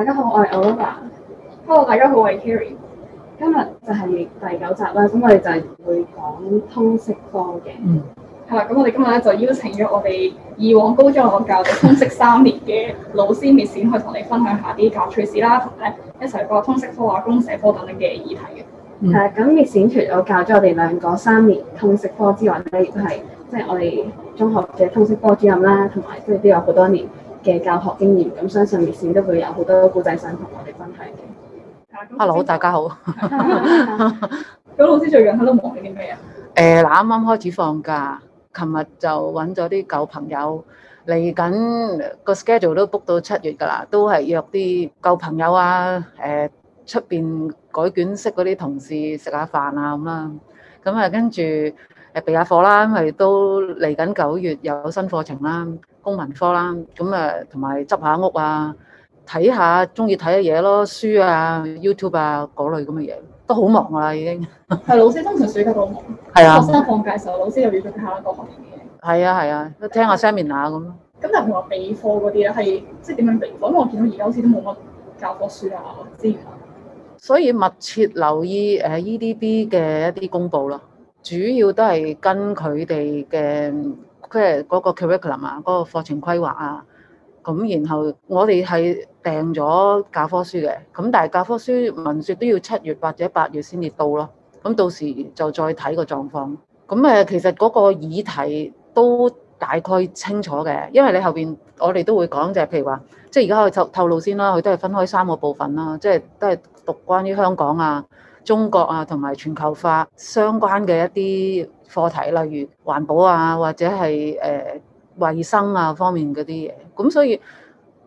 大家好，我係 Olga。Hello，大家好，我係 Carrie。今日就係第九集啦，咁我哋就係會講通識科嘅。嗯。係啦，咁我哋今日咧就邀請咗我哋以往高中學教咗通識三年嘅老師 Miss 冼，去同你分享下啲教趣事啦，同咧一齊關於通識科啊、公社科等等嘅議題嘅。係啊，咁 Miss 冼除咗教咗我哋兩個三年識通識科之外咧，亦都係即係我哋中學嘅通識科主任啦，同埋都都有好多年。嘅教學經驗，咁相信葉倩都會有好多古仔想同我哋分享。Hello， 大家好。咁老師最近喺度忙緊啲咩啊？誒，嗱，啱啱開始放假，琴日就揾咗啲舊朋友嚟緊，個 schedule 都 book 到七月㗎啦，都係約啲舊朋友啊，誒、呃，出邊改卷式嗰啲同事食下飯啊咁啦。咁啊，跟、嗯、住備下課啦，因為都嚟緊九月有新課程啦。公民科啦，咁啊同埋執下屋啊，睇下中意睇嘅嘢咯，書啊、YouTube 啊嗰類咁嘅嘢，都好忙啊已經。係老師通常暑假都忙，係啊學生放假時候，老師又要做下一個學年嘅。係啊係啊，都聽下 seminar 咁咯。咁但係譬如話備課嗰啲咧，係即係點樣備課？因為我見到而家好似都冇乜教科書啊資源。我唔知，所以密切留意誒 EDB 嘅一啲公佈咯，主要都係跟佢哋嘅。佢係嗰個 curriculum 啊，嗰個課程規劃啊，咁然後我哋係訂咗教科書嘅，咁但係教科書聞說都要七月或者八月先至到咯，咁到時就再睇個狀況。咁誒，其實嗰個議題都大概清楚嘅，因為你後邊我哋都會講，就係，就係譬如話，即係而家可以透透露先啦，佢都係分開三個部分啦，即係都係讀關於香港啊、中國啊同埋全球化相關嘅一啲。課題例如環保啊，或者係誒衞生啊方面嗰啲嘢，咁所以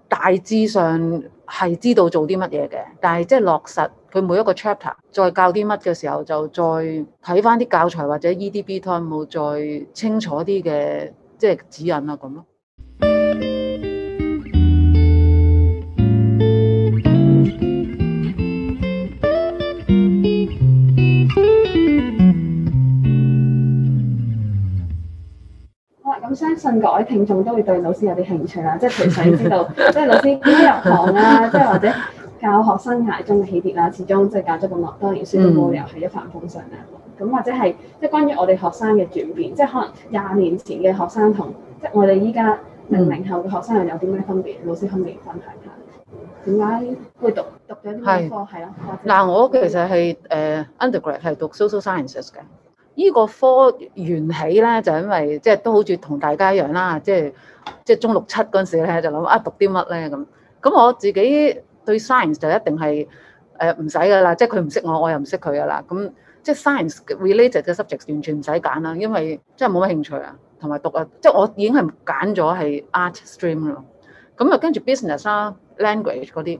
大致上係知道做啲乜嘢嘅，但係即係落實佢每一個 chapter 再教啲乜嘅時候，就再睇翻啲教材或者 EDB time 冇再清楚啲嘅即係指引啊咁咯。相信各位聽眾都會對老師有啲興趣啦，即係其實知道，即係老師點樣入行啊，即係或者教學生涯中嘅起跌啦，始終即係教咗咁耐，當然書都冇理由係一帆風順啦。咁或者係即係關於我哋學生嘅轉變，即係可能廿年前嘅學生同即係我哋依家零零後嘅學生又有啲咩分別？嗯、老師可唔可以分享下？點解會讀讀緊呢啲科？係咯是。嗱，我其實係誒 undergrad 係讀 social sciences 嘅。呢個科源起咧，就因為即係都好似同大家一樣啦，即係即係中六七嗰陣時咧，就諗啊讀啲乜咧咁。咁我自己對 science 就一定係誒唔使噶啦，即係佢唔識我，我又唔識佢噶啦。咁即係 science related 嘅 subject 完全唔使揀啦，因為真係冇乜興趣啊。同埋讀啊，即係我已經係揀咗係 art stream 啦。咁啊，跟住 business 啦 language 嗰啲。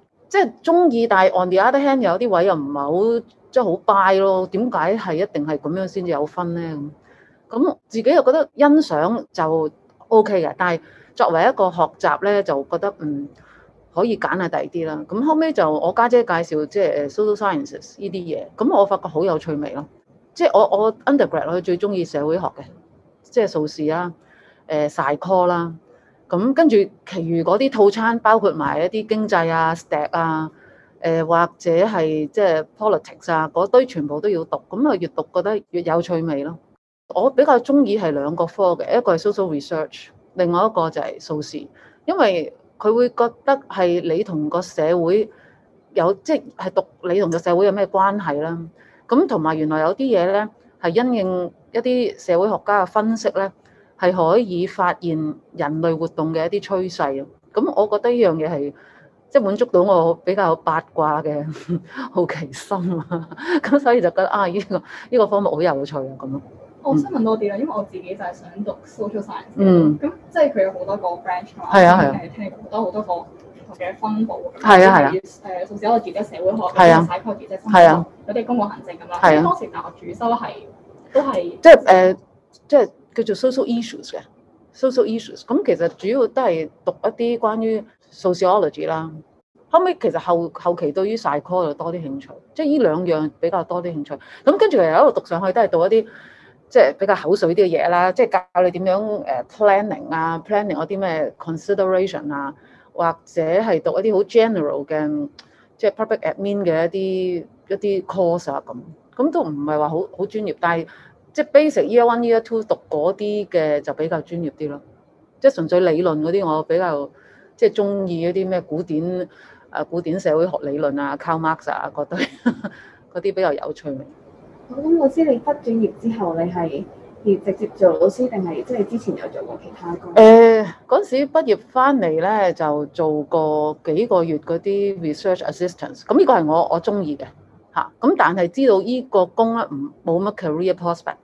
即係中意，但係 on the other hand，有啲位又唔係好即係好 buy 咯。點解係一定係咁樣先至有分呢？咁咁自己又覺得欣賞就 OK 嘅，但係作為一個學習呢，就覺得嗯可以揀係第二啲啦。咁後尾就我家姐介紹即係 social sciences 呢啲嘢，咁我發覺好有趣味咯。即係我我 undergrad 我最中意社會學嘅，即係數字啦、誒 psychology 啦。咁跟住，其餘嗰啲套餐包括埋一啲經濟啊、s t a c 啊、誒、呃、或者係即係 politics 啊，嗰堆全部都要讀。咁啊，越讀覺得越有趣味咯。我比較鍾意係兩個科嘅，一個係 social research，另外一個就係數字，因為佢會覺得係你同個社會有即係、就是、讀你同個社會有咩關係啦。咁同埋原來有啲嘢呢，係因應一啲社會學家嘅分析呢。係可以發現人類活動嘅一啲趨勢，咁我覺得呢樣嘢係即係滿足到我比較八卦嘅好奇心，咁所以就覺得啊，呢個呢個科目好有趣啊咁咯。我想問多啲啦，因為我自己就係想讀 social science，咁即係佢有好多個 branch 嘅嘛，係啊係啊，聽好多好多個唔同嘅分佈，係啊係啊，誒，甚至我記得社會學，係啊，使啊，有啲公共行政咁啦，咁當時大學主修係都係即係誒，即係。叫做 social issues 嘅 social issues，咁其實主要都係讀一啲關於 sociology 啦。後尾其實後後期對於 psychology 多啲興趣，即係呢兩樣比較多啲興趣。咁跟住又一路讀上去，都係讀一啲即係比較口水啲嘅嘢啦，即係教你點樣誒 planning 啊，planning 嗰啲咩 consideration 啊，或者係讀一啲好 general 嘅即係 public admin 嘅一啲一啲 course 啊咁，咁都唔係話好好專業，但係。即係 basic year one year two 讀嗰啲嘅就比較專業啲咯，即係純粹理論嗰啲我比較即係中意嗰啲咩古典啊古典社會學理論啊，Karl Marx 啊嗰對嗰啲比較有趣。咁、嗯、我知你畢咗業之後，你係直接做老師定係即係之前有做過其他工？誒嗰陣時畢業翻嚟咧，就做過幾個月嗰啲 research assistance。咁呢個係我我中意嘅。嚇，咁但係知道呢個工咧唔冇乜 career prospect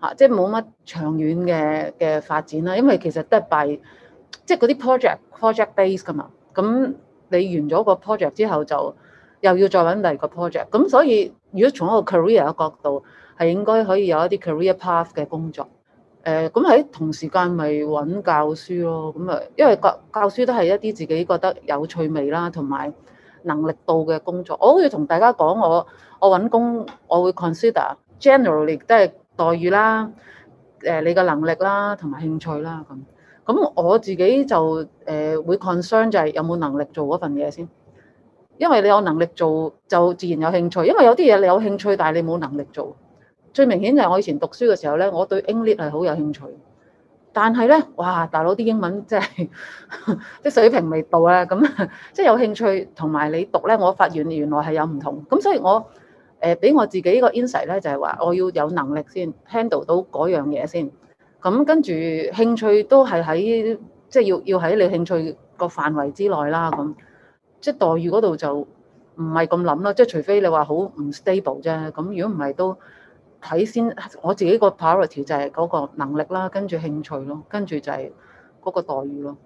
嚇，即係冇乜長遠嘅嘅發展啦。因為其實都係拜即係嗰啲 project project based 㗎嘛。咁你完咗個 project 之後就又要再揾第二個 project。咁所以如果從一個 career 嘅角度，係應該可以有一啲 career path 嘅工作。誒、呃、咁喺同時間咪揾教書咯。咁啊，因為教教書都係一啲自己覺得有趣味啦，同埋。能力度嘅工作，我好要同大家講，我我揾工，我會 consider generally 都係待遇啦，誒、呃、你嘅能力啦，同埋興趣啦咁。咁、嗯嗯、我自己就誒、呃、會 concern 就係有冇能力做嗰份嘢先，因為你有能力做就自然有興趣，因為有啲嘢你有興趣，但係你冇能力做。最明顯就係我以前讀書嘅時候咧，我對 English 係好有興趣。但係咧，哇！大佬啲英文即係即水平未到咧，咁即係有興趣同埋你讀咧，我發現原來係有唔同。咁所以我誒俾、呃、我自己個 insight 咧，就係話我要有能力先 handle 到嗰樣嘢先。咁跟住興趣都係喺即係要要喺你興趣個範圍之內啦。咁即係待遇嗰度就唔係咁諗啦。即係除非你話好唔 stable 啫。咁如果唔係都，睇先，我自己個 priority 就係嗰個能力啦，跟住興趣咯，跟住就係嗰個待遇咯。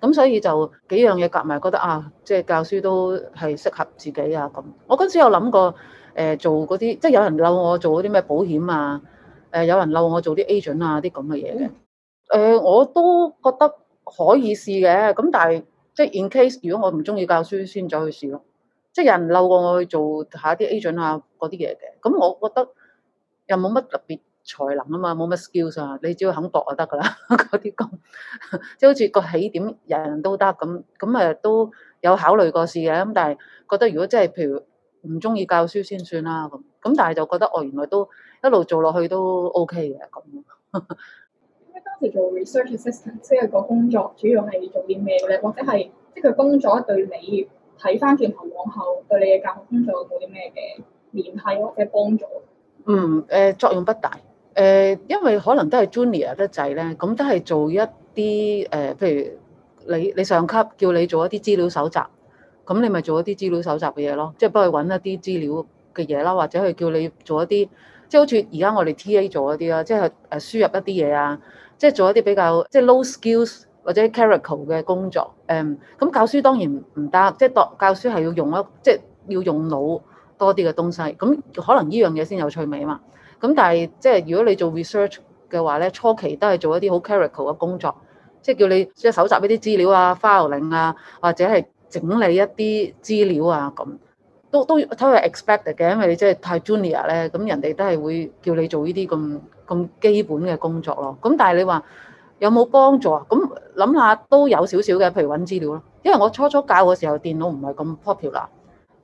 咁所以就幾樣嘢夾埋，覺得啊，即係教書都係適合自己啊。咁我嗰陣時有諗過誒、呃、做嗰啲，即係有人嬲我做嗰啲咩保險啊，誒、呃、有人嬲我做啲 agent 啊啲咁嘅嘢嘅。誒、呃、我都覺得可以試嘅，咁但係即係 in case 如果我唔中意教書，先再去試咯。即係有人嬲過我去做下啲 agent 啊嗰啲嘢嘅，咁我覺得。又冇乜特別才能啊嘛，冇乜 skills 啊，你只要肯搏就得噶啦。嗰啲工，即係好似個起點，人人都得咁，咁誒都有考慮過試嘅。咁但係覺得如果真係譬如唔中意教書先算啦。咁咁但係就覺得哦，原來都一路做落去都 OK 嘅咁。咁你 當時做 research assistant 即係個工作主要係做啲咩咧？或者係即係佢工作對你睇翻轉頭往後對你嘅教學工作有冇啲咩嘅聯繫或者幫助？唔誒、嗯、作用不大誒、呃，因為可能都係 junior 得滯咧，咁都係做一啲誒、呃，譬如你你上級叫你做一啲資料搜集，咁你咪做一啲資料搜集嘅嘢咯，即係幫佢揾一啲資料嘅嘢啦，或者係叫你做一啲即係好似而家我哋 T.A 做一啲啦，即係誒輸入一啲嘢啊，即、就、係、是、做一啲比較即係、就是、low skills 或者 clerical 嘅工作。誒、嗯、咁教書當然唔得，即係當教書係要用一即係要用腦。多啲嘅東西，咁可能呢樣嘢先有趣味啊嘛。咁但係即係如果你做 research 嘅話咧，初期都係做一啲好 character 嘅工作，即係叫你即係蒐集一啲資料啊、filing 啊，或者係整理一啲資料啊咁，都都係 expect 嘅，因為你真係太 junior 咧，咁人哋都係會叫你做呢啲咁咁基本嘅工作咯。咁但係你話有冇幫助啊？咁諗下都有少少嘅，譬如揾資料咯，因為我初初教嘅時候電腦唔係咁 popular。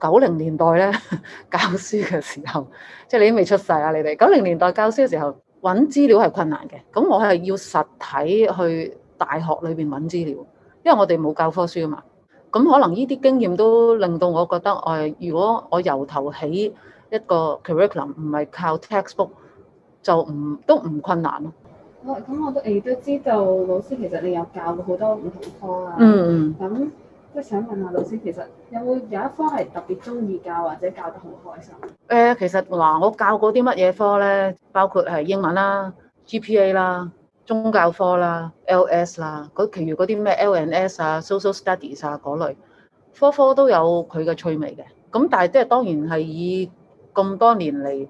九零年代咧 教書嘅時候，即係你都未出世啊！你哋九零年代教書嘅時候，揾資料係困難嘅。咁我係要實體去大學裏邊揾資料，因為我哋冇教科書啊嘛。咁可能呢啲經驗都令到我覺得，誒、哎，如果我由頭起一個 curriculum 唔係靠 textbook，就唔都唔困難咯。咁我都誒都知道，老師其實你有教過好多唔同科啊。嗯嗯。咁。我想問下老師，其實有冇有，有一科係特別中意教或者教得好開心？誒，其實嗱，我教過啲乜嘢科呢？包括係英文啦、GPA 啦、宗教科啦、LS 啦，其餘嗰啲咩 LNS 啊、Social Studies 啊嗰類科，科都有佢嘅趣味嘅。咁但係都係當然係以咁多年嚟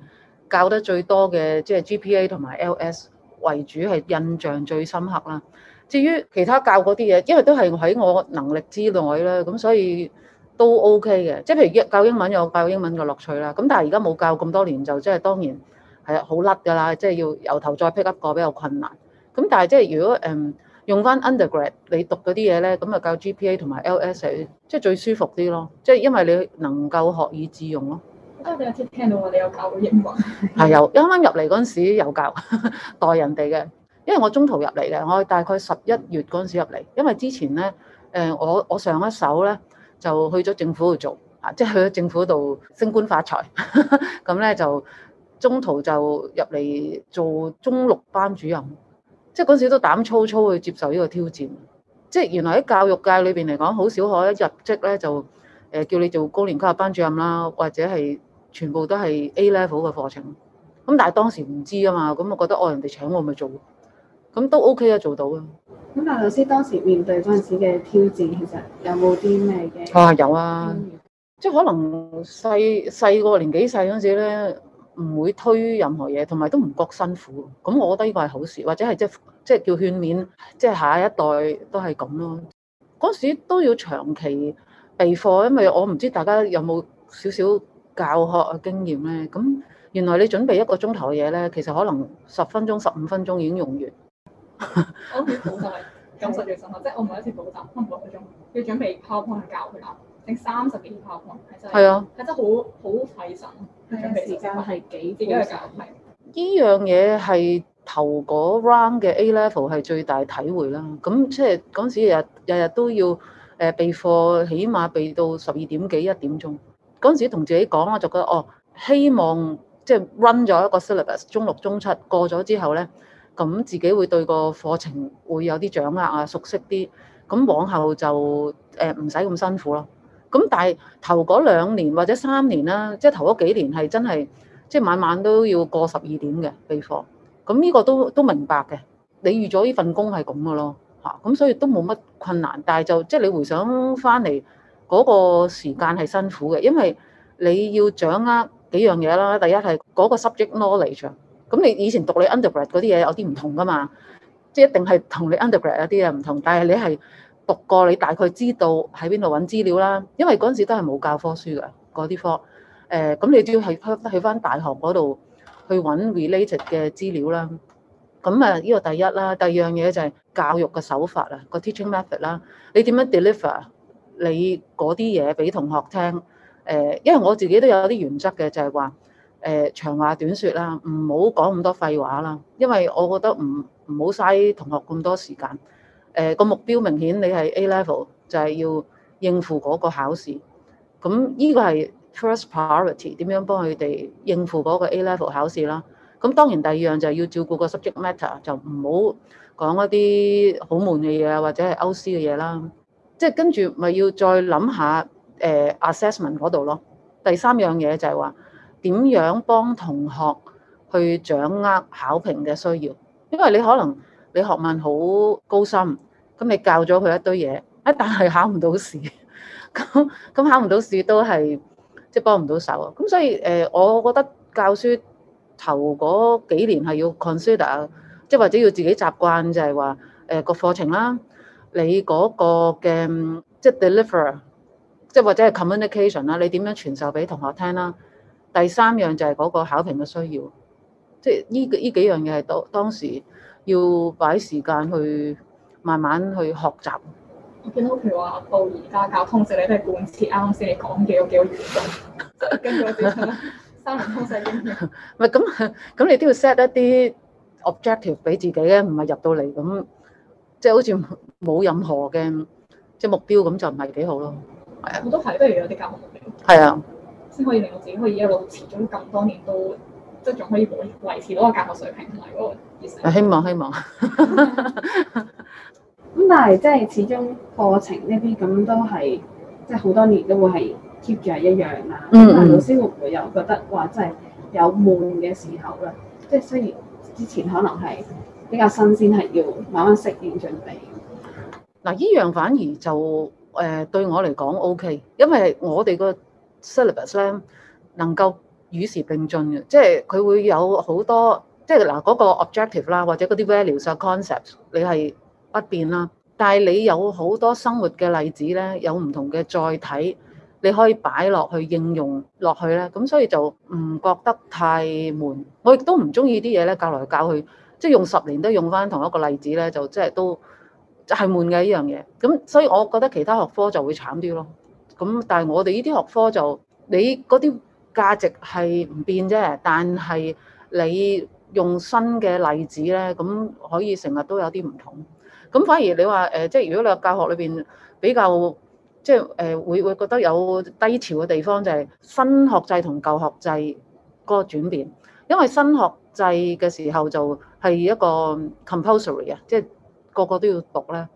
教得最多嘅，即係 GPA 同埋 LS 為主，係印象最深刻啦。至於其他教嗰啲嘢，因為都係喺我能力之內啦，咁所以都 OK 嘅。即係譬如教英文有教英文嘅樂趣啦。咁但係而家冇教咁多年，就即係當然係好甩㗎啦。即係要由頭再 pick up 個比較困難。咁但係即係如果誒用翻 undergrad 你讀嗰啲嘢咧，咁啊教 GPA 同埋 LS 係即係最舒服啲咯。即係因為你能夠學以致用咯。啱啱有次聽到話你有教過英文，係有啱啱入嚟嗰陣時有教 代人哋嘅。因為我中途入嚟嘅，我大概十一月嗰陣時入嚟。因為之前呢，誒我我上一手呢，就去咗政府度做啊，即係去咗政府度升官發財咁 呢，就中途就入嚟做中六班主任，即係嗰陣時都膽粗粗去接受呢個挑戰。即係原來喺教育界裏邊嚟講，好少可一入職呢，就誒叫你做高年級嘅班主任啦，或者係全部都係 A level 嘅課程。咁但係當時唔知啊嘛，咁我覺得我、哦、人哋請我咪做。咁都 OK 啊，做到啊！咁但老師當時面對嗰陣時嘅挑戰，其實有冇啲咩嘅？啊，有啊，即係可能細細個年紀細嗰陣時咧，唔會推任何嘢，同埋都唔覺辛苦。咁我覺得呢個係好事，或者係即係即係叫勸勉，即係下一代都係咁咯。嗰時都要長期備課，因為我唔知大家有冇少少教學嘅經驗咧。咁原來你準備一個鐘頭嘅嘢咧，其實可能十分鐘、十五分鐘已經用完。我都好辛苦，times, po 感受最深刻，即係我每一次補習，可能六七鐘要準備 PowerPoint 教佢啦，整三十幾頁 PowerPoint，係真係係啊，係真好好費神，跟住時間係幾點去教題？依樣嘢係頭嗰 round 嘅 A level 係最大體會啦。咁即係嗰陣時日日日都要誒備課，起碼備到十二點幾一點鐘。嗰陣時同自己講啊，就覺得哦，希望即係 run 咗一個 syllabus，中六中七過咗之後咧。咁自己會對個課程會有啲掌握啊，熟悉啲。咁往後就誒唔使咁辛苦咯。咁但係頭嗰兩年或者三年啦，即係頭嗰幾年係真係即係晚晚都要過十二點嘅備課。咁呢個都都明白嘅。你預咗呢份工係咁嘅咯，嚇。咁所以都冇乜困難。但係就即係你回想翻嚟嗰個時間係辛苦嘅，因為你要掌握幾樣嘢啦。第一係嗰個 subject knowledge 咁你以前讀你 undergrad 嗰啲嘢有啲唔同噶嘛？即係一定係同你 undergrad 有啲嘢唔同，但係你係讀過，你大概知道喺邊度揾資料啦。因為嗰陣時都係冇教科書嘅嗰啲科，誒、呃、咁你都要係去翻大學嗰度去揾 related 嘅資料啦。咁啊，呢個第一啦，第二樣嘢就係教育嘅手法啊，個 teaching method 啦，你點樣 deliver 你嗰啲嘢俾同學聽？誒、呃，因為我自己都有啲原則嘅，就係、是、話。誒長話短説啦，唔好講咁多廢話啦，因為我覺得唔唔好嘥同學咁多時間。誒個目標明顯，你係 A level 就係要應付嗰個考試，咁呢個係 first priority。點樣幫佢哋應付嗰個 A level 考試啦？咁當然第二樣就係要照顧個 subject matter，就唔好講一啲好悶嘅嘢啊，或者係 OC 嘅嘢啦。即係跟住咪要再諗下誒 assessment 嗰度咯。第三樣嘢就係話。點樣幫同學去掌握考評嘅需要？因為你可能你學問好高深，咁你教咗佢一堆嘢，啊、哎，但係考唔到試，咁 咁考唔到試都係即係幫唔到手啊。咁所以誒、呃，我覺得教書頭嗰幾年係要 consider，即係或者要自己習慣就係話誒個課程啦，你嗰個嘅即係 delivery，即係或者係 communication 啦，你點樣傳授俾同學聽啦？第三樣就係嗰個考評嘅需要，即係呢個呢幾樣嘢係當當時要擺時間去慢慢去學習。我見到譬如話到而家教通識你都係貫徹啱先你講嘅嗰幾個元素，跟住三輪通識。唔係咁咁，你都要 set 一啲 objective 俾自己嘅，唔係入到嚟咁即係好似冇任何嘅即係目標咁就唔係幾好咯。係啊，我都係，不如有啲教學目標。係啊。先可以令我自己可以一路始終咁多年都即係仲可以維持到個教學水平同埋嗰個熱情。希望希望。咁 但係即係始終課程呢啲咁都係，即係好多年都會係 keep 住係一樣，啦。咁、嗯、但老師會唔會有又覺得話即係有悶嘅時候咧？即係雖然之前可能係比較新鮮，係要慢慢適應準備。嗱依樣反而就誒，對我嚟講 OK，因為我哋個。Syllabus 咧能夠與時並進嘅，即係佢會有好多，即係嗱嗰個 objective 啦，或者嗰啲 values 啊 concept，你係不變啦。但係你有好多生活嘅例子咧，有唔同嘅載體，你可以擺落去應用落去咧。咁所以就唔覺得太悶。我亦都唔中意啲嘢咧教來教去，即係用十年都用翻同一個例子咧，就即係都係悶嘅依樣嘢。咁所以我覺得其他學科就會慘啲咯。咁，但係我哋呢啲學科就你嗰啲價值係唔變啫，但係你用新嘅例子咧，咁可以成日都有啲唔同。咁反而你話誒、呃，即係如果你教學裏邊比較即係誒，會、呃、會覺得有低潮嘅地方就係新學制同舊學制嗰個轉變，因為新學制嘅時候就係一個 compulsory 啊，即係個個都要讀咧，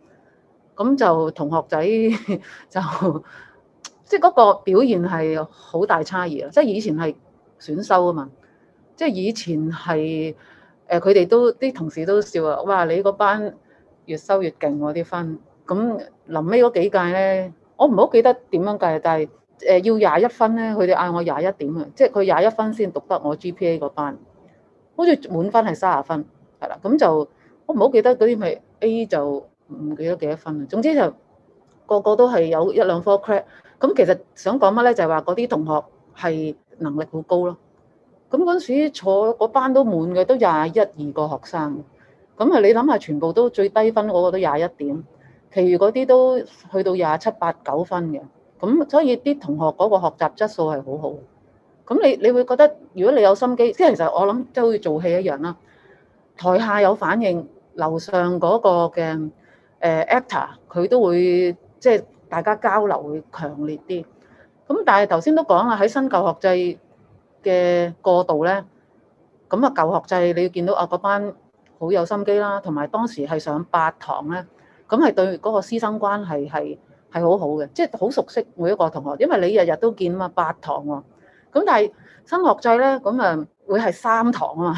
咁就同學仔 就。即係嗰個表現係好大差異啊！即係以前係選修啊嘛，即係以前係誒佢哋都啲同事都笑啊，哇！你嗰班越收越勁喎，啲分咁。臨尾嗰幾屆咧，我唔好記得點樣計，但係誒、呃、要廿一分咧，佢哋嗌我廿一點啊，即係佢廿一分先讀得我 GPA 嗰班。好似滿分係三十分係啦，咁就我唔好記得嗰啲咪 A 就唔記得幾多分啊。總之就個個都係有一兩科 credit 咁其實想講乜咧，就係話嗰啲同學係能力好高咯。咁嗰陣時坐嗰班都滿嘅，都廿一二個學生。咁啊，你諗下，全部都最低分嗰個都廿一點，其餘嗰啲都去到廿七八九分嘅。咁所以啲同學嗰個學習質素係好好。咁你你會覺得，如果你有心機，即係其實我諗，即係好似做戲一樣啦。台下有反應，樓上嗰個嘅誒、uh, actor，佢都會即係。就是大家交流會強烈啲咁，但係頭先都講啦，喺新舊學制嘅過渡咧，咁啊舊學制你要見到啊嗰班好有心機啦，同埋當時係上八堂咧，咁係對嗰個師生關係係係好好嘅，即係好熟悉每一個同學，因為你日日都見啊嘛八堂喎。咁但係新學制咧，咁啊會係三堂啊嘛，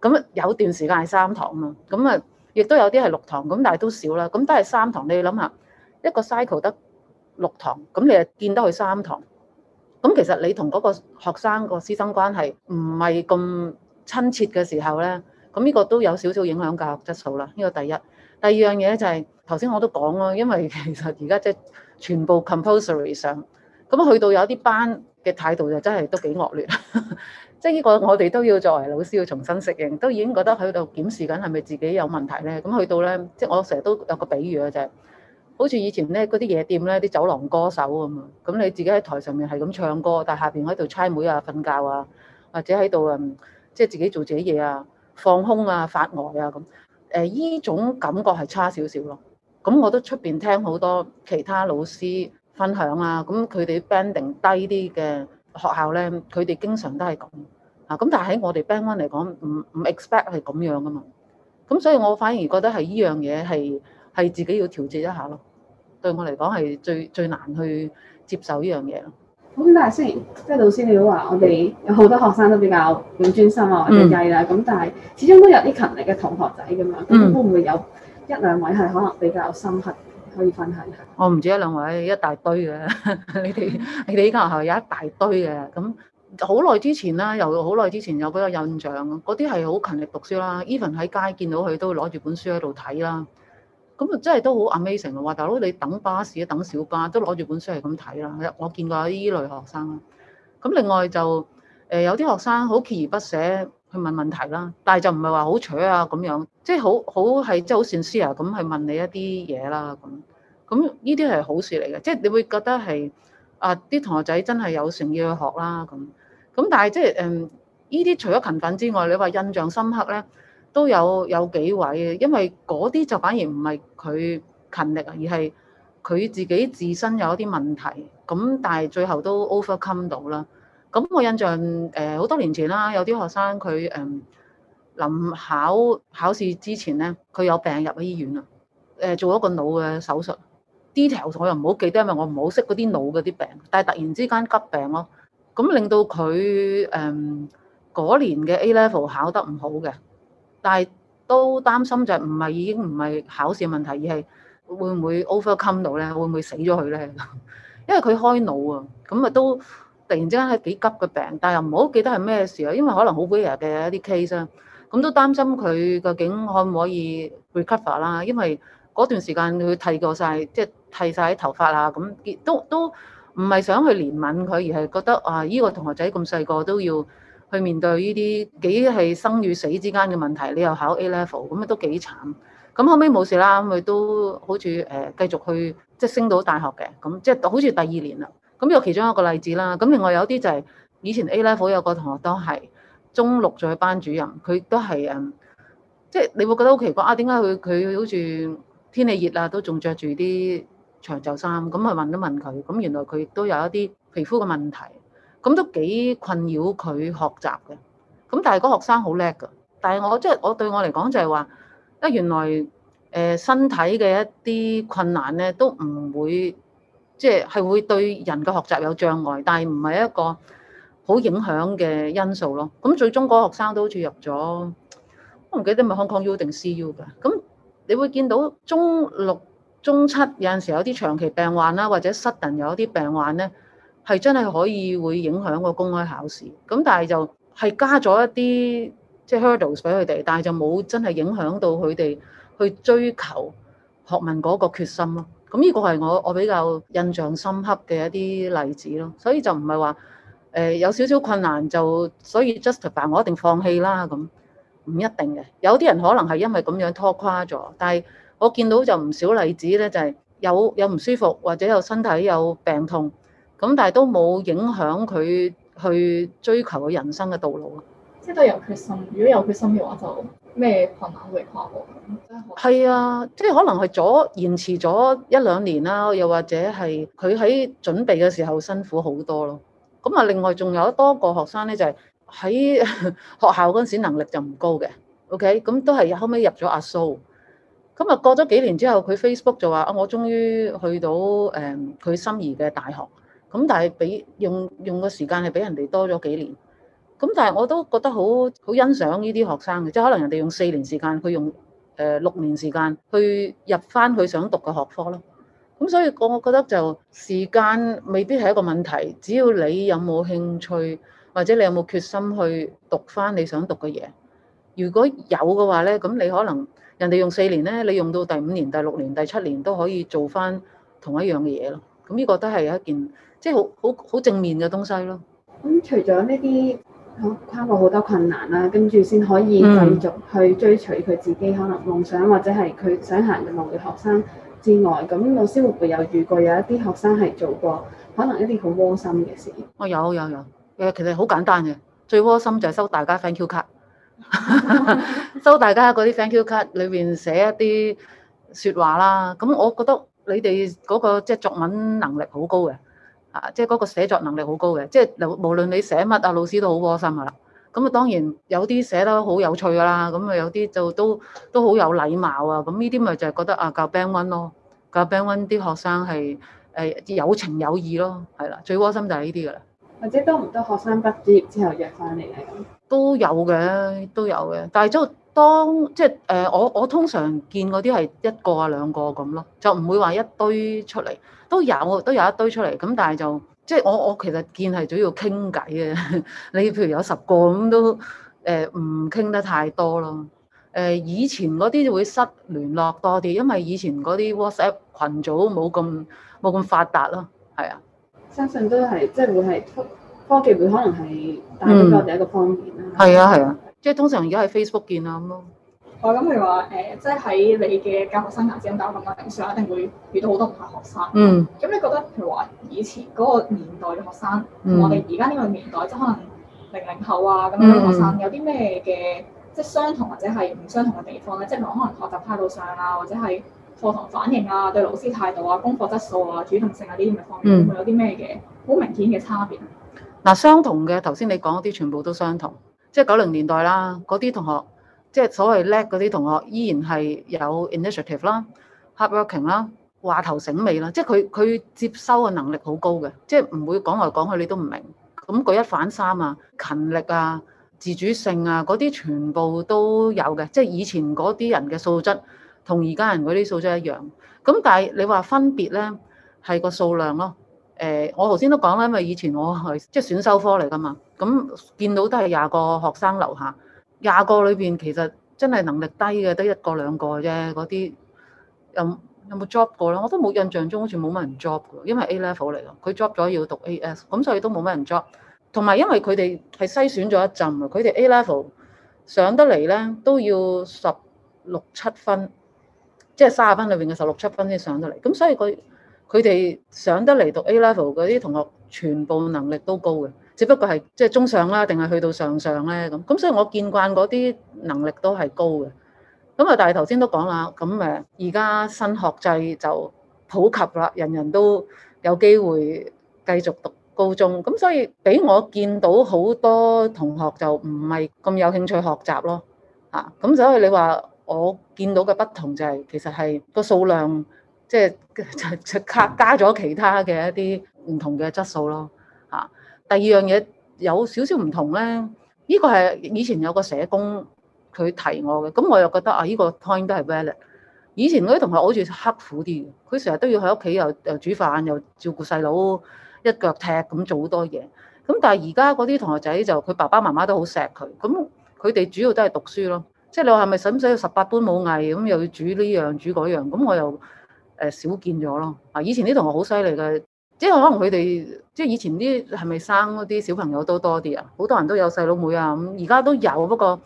咁啊有段時間係三堂啊嘛，咁啊亦都有啲係六堂，咁但係都少啦。咁都係三堂，你諗下一個 cycle 得六堂，咁你又見得佢三堂，咁其實你同嗰個學生個師生關係唔係咁親切嘅時候呢，咁呢個都有少少影響教學質素啦。呢個第一，第二樣嘢就係頭先我都講咯，因為其實而家即係全部 compulsory 上，咁去到有啲班嘅態度就真係都幾惡劣，即係呢個我哋都要作為老師要重新適應，都已經覺得喺度檢視緊係咪自己有問題呢。咁去到呢，即係我成日都有個比喻嘅啫。就係好似以前咧，嗰啲夜店咧，啲酒廊歌手咁啊，咁你自己喺台上面係咁唱歌，但係下邊喺度猜妹啊、瞓覺啊，或者喺度啊，即係自己做自己嘢啊、放空啊、發呆啊咁。誒依種感覺係差少少咯。咁我都出邊聽好多其他老師分享啊，咁佢哋 banding 低啲嘅學校咧，佢哋經常都係咁啊。咁但係喺我哋 band one 嚟講唔唔 expect 係咁樣噶嘛。咁所以我反而覺得係依樣嘢係係自己要調節一下咯。對我嚟講係最最難去接受呢樣嘢咯。咁但係雖然即係老師你都話，我哋有好多學生都比較唔專心啊，或者曳啦。咁、嗯、但係始終都有啲勤力嘅同學仔咁樣。咁會唔會有一兩位係可能比較深刻，可以分享下、嗯？我唔止一兩位，一大堆嘅。 你哋們 你哋呢間學校有一大堆嘅？咁好耐之前啦，又好耐之前有嗰個印象，嗰啲係好勤力讀書啦。Even 喺街見到佢都攞住本書喺度睇啦。咁啊，真係都好 amazing 喎！哇，大佬你等巴士啊，等小巴都攞住本書係咁睇啦。我見過呢類學生啦。咁另外就誒有啲學生好鍥而不捨去問問題啦，但係就唔係話好蠢啊咁樣，即係好好係即係好善思啊咁去問你一啲嘢啦咁。咁呢啲係好事嚟嘅，即係你會覺得係啊啲同學仔真係有誠意去學啦咁。咁但係即係誒呢啲除咗勤奮之外，你話印象深刻咧？都有有幾位嘅，因為嗰啲就反而唔係佢勤力啊，而係佢自己自身有一啲問題。咁但係最後都 overcome 到啦。咁我印象誒好、呃、多年前啦，有啲學生佢誒臨考考試之前呢，佢有病入咗醫院啦。誒、呃、做咗個腦嘅手術 detail 我又唔好記得，因為我唔好識嗰啲腦嗰啲病。但係突然之間急病咯，咁令到佢誒嗰年嘅 A level 考得唔好嘅。但係都擔心就係唔係已經唔係考試問題，而係會唔會 overcome 到咧？會唔會死咗佢咧？ 因為佢開腦啊，咁啊都突然之間係幾急嘅病，但又唔好記得係咩事啊。因為可能好 rare 嘅一啲 case 啊，咁都擔心佢究竟可唔可以 recover 啦？因為嗰段時間佢剃過晒，即係剃晒啲頭髮啊，咁都都唔係想去憐憫佢，而係覺得啊，依個同學仔咁細個都要。去面對呢啲幾係生與死之間嘅問題，你又考 A level 咁啊都幾慘。咁後尾冇事啦，咁佢都好似誒繼續去即係升到大學嘅，咁即係好似第二年啦。咁又其中一個例子啦。咁另外有啲就係以前 A level 有個同學都係中六做班主任，佢都係誒，即係你會覺得好奇怪啊，點解佢佢好似天氣熱啊都仲着住啲長袖衫？咁咪問一問佢，咁原來佢亦都有一啲皮膚嘅問題。咁都幾困擾佢學習嘅，咁但係個學生好叻㗎，但係我即係、就是、我對我嚟講就係話，啊原來誒、呃、身體嘅一啲困難咧都唔會，即係係會對人嘅學習有障礙，但係唔係一個好影響嘅因素咯。咁、嗯、最終嗰個學生都好似入咗，我唔記得咪 Hong Kong U 定 CU 㗎。咁、嗯、你會見到中六、中七有陣時有啲長期病患啦，或者 sudden 有啲病患咧。係真係可以會影響個公開考試咁，但係就係加咗一啲即係 hurdles 俾佢哋，但係就冇真係影響到佢哋去追求學問嗰個決心咯。咁呢個係我我比較印象深刻嘅一啲例子咯。所以就唔係話誒有少少困難就所以 just give up，我一定放棄啦咁，唔一定嘅。有啲人可能係因為咁樣拖垮咗，但係我見到就唔少例子咧，就係有有唔舒服或者有身體有病痛。咁但係都冇影響佢去追求嘅人生嘅道路咯，即係都有決心。如果有決心嘅話，就咩困難都克服。係啊，即係可能係阻延遲咗一兩年啦，又或者係佢喺準備嘅時候辛苦好多咯。咁啊，另外仲有多個學生咧，就係、是、喺學校嗰陣時能力就唔高嘅。OK，咁都係後尾入咗阿蘇。咁啊，過咗幾年之後，佢 Facebook 就話啊，我終於去到誒佢心儀嘅大學。咁但係比用用個時間係比人哋多咗幾年，咁但係我都覺得好好欣賞呢啲學生嘅，即係可能人哋用四年時間，佢用誒六年時間去入翻佢想讀嘅學科咯。咁所以我覺得就時間未必係一個問題，只要你有冇興趣，或者你有冇決心去讀翻你想讀嘅嘢，如果有嘅話呢，咁你可能人哋用四年呢，你用到第五年、第六年、第七年都可以做翻同一樣嘅嘢咯。咁呢個都係一件。即係好好好正面嘅東西咯。咁除咗呢啲，跨過好多困難啦、啊，跟住先可以繼續去追隨佢自己、嗯、可能夢想，或者係佢想行嘅路嘅學生之外，咁老師會唔會有遇過有一啲學生係做過可能一啲好窩心嘅事？我有有有，誒，其實好簡單嘅，最窩心就係收大家 thank you 卡， 收大家啲 thank you 卡裏邊寫一啲説話啦。咁我覺得你哋嗰個即係作文能力好高嘅。啊，即係嗰個寫作能力好高嘅，即係無論你寫乜啊，老師都好窩心噶啦。咁啊，當然有啲寫得好有趣噶啦，咁啊有啲就都都好有禮貌啊。咁呢啲咪就係覺得啊，教 Band One 咯，教 Band One 啲學生係誒有情有義咯，係啦，最窩心就係呢啲噶啦。或者多唔多學生畢業之後約翻嚟啊？都有嘅，都有嘅。但係就當即係誒，我我通常見嗰啲係一個啊兩個咁咯，就唔會話一堆出嚟。都有都有一堆出嚟，咁但係就即係我我其實見係主要傾偈嘅。 你譬如有十個咁都誒唔傾得太多咯。誒、呃、以前嗰啲就會失聯絡多啲，因為以前嗰啲 WhatsApp 群組冇咁冇咁發達咯。係啊，相信都係即係會係科技會可能係帶俾我哋、嗯、一個方便啦。係啊係啊，啊嗯、即係通常而家喺 Facebook 見啊咁咯。咁譬、嗯嗯、如話誒，即係喺你嘅教學生涯之中，但咁多下，咁上一定會遇到好多唔同學生。嗯。咁你覺得譬如話以前嗰個年代嘅、啊、學生，我哋而家呢個年代即係可能零零後啊咁樣嘅學生，有啲咩嘅即係相同或者係唔相同嘅地方咧？即係可能可能學習態度上啊，或者係課堂反應啊，對老師態度啊，功課質素啊，主動性啊呢啲嘅方面，嗯、會有啲咩嘅好明顯嘅差別嗱、啊，相同嘅頭先你講嗰啲全部都相同，即係九零年代啦，嗰啲同學。即係所謂叻嗰啲同學，依然係有 initiative 啦、hard working 啦、話頭醒尾啦，即係佢佢接收嘅能力好高嘅，即係唔會講來講去你都唔明。咁舉一反三啊，勤力啊、自主性啊嗰啲全部都有嘅，即係以前嗰啲人嘅素質同而家人嗰啲素質一樣。咁但係你話分別咧係個數量咯。誒、欸，我頭先都講啦，因為以前我係即係選修科嚟㗎嘛，咁見到都係廿個學生留下。廿個裏邊其實真係能力低嘅，得一個兩個啫。嗰啲有有冇 job 過咧？我都冇印象中好似冇乜人 job 嘅，因為 A level 嚟咯。佢 job 咗要讀 AS，咁所以都冇乜人 job。同埋因為佢哋係篩選咗一陣，佢哋 A level 上得嚟咧都要十六七分，即係三十分裏邊嘅十六七分先上得嚟。咁所以佢佢哋上得嚟讀 A level 嗰啲同學，全部能力都高嘅。只不過係即係中上啦，定係去到上上咧咁。咁所以我見慣嗰啲能力都係高嘅。咁啊，但係頭先都講啦，咁誒而家新學制就普及啦，人人都有機會繼續讀高中。咁所以俾我見到好多同學就唔係咁有興趣學習咯。啊，咁所以你話我見到嘅不同就係其實係個數量，即係即刻加咗其他嘅一啲唔同嘅質素咯。啊！第二樣嘢有少少唔同咧，呢個係以前有個社工佢提我嘅，咁我又覺得啊，呢個 point 都係 valid。以前嗰啲同學好似刻苦啲嘅，佢成日都要喺屋企又又煮飯又照顧細佬，一腳踢咁做好多嘢。咁但係而家嗰啲同學仔就佢爸爸媽媽都好錫佢，咁佢哋主要都係讀書咯。即係你話係咪使唔使十八般武藝咁又要煮呢樣煮嗰樣？咁我又誒、呃，少見咗咯。啊，以前啲同學好犀利嘅。即係可能佢哋，即係以前啲係咪生嗰啲小朋友都多啲啊？好多人都有細佬妹啊，咁而家都有，不過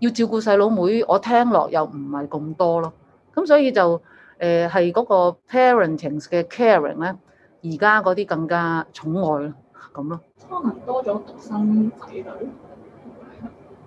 要照顧細佬妹，我聽落又唔係咁多咯。咁、嗯、所以就誒係嗰個 parenting 嘅 caring 咧，而家嗰啲更加寵愛咯，咁咯。可能多咗獨生仔女，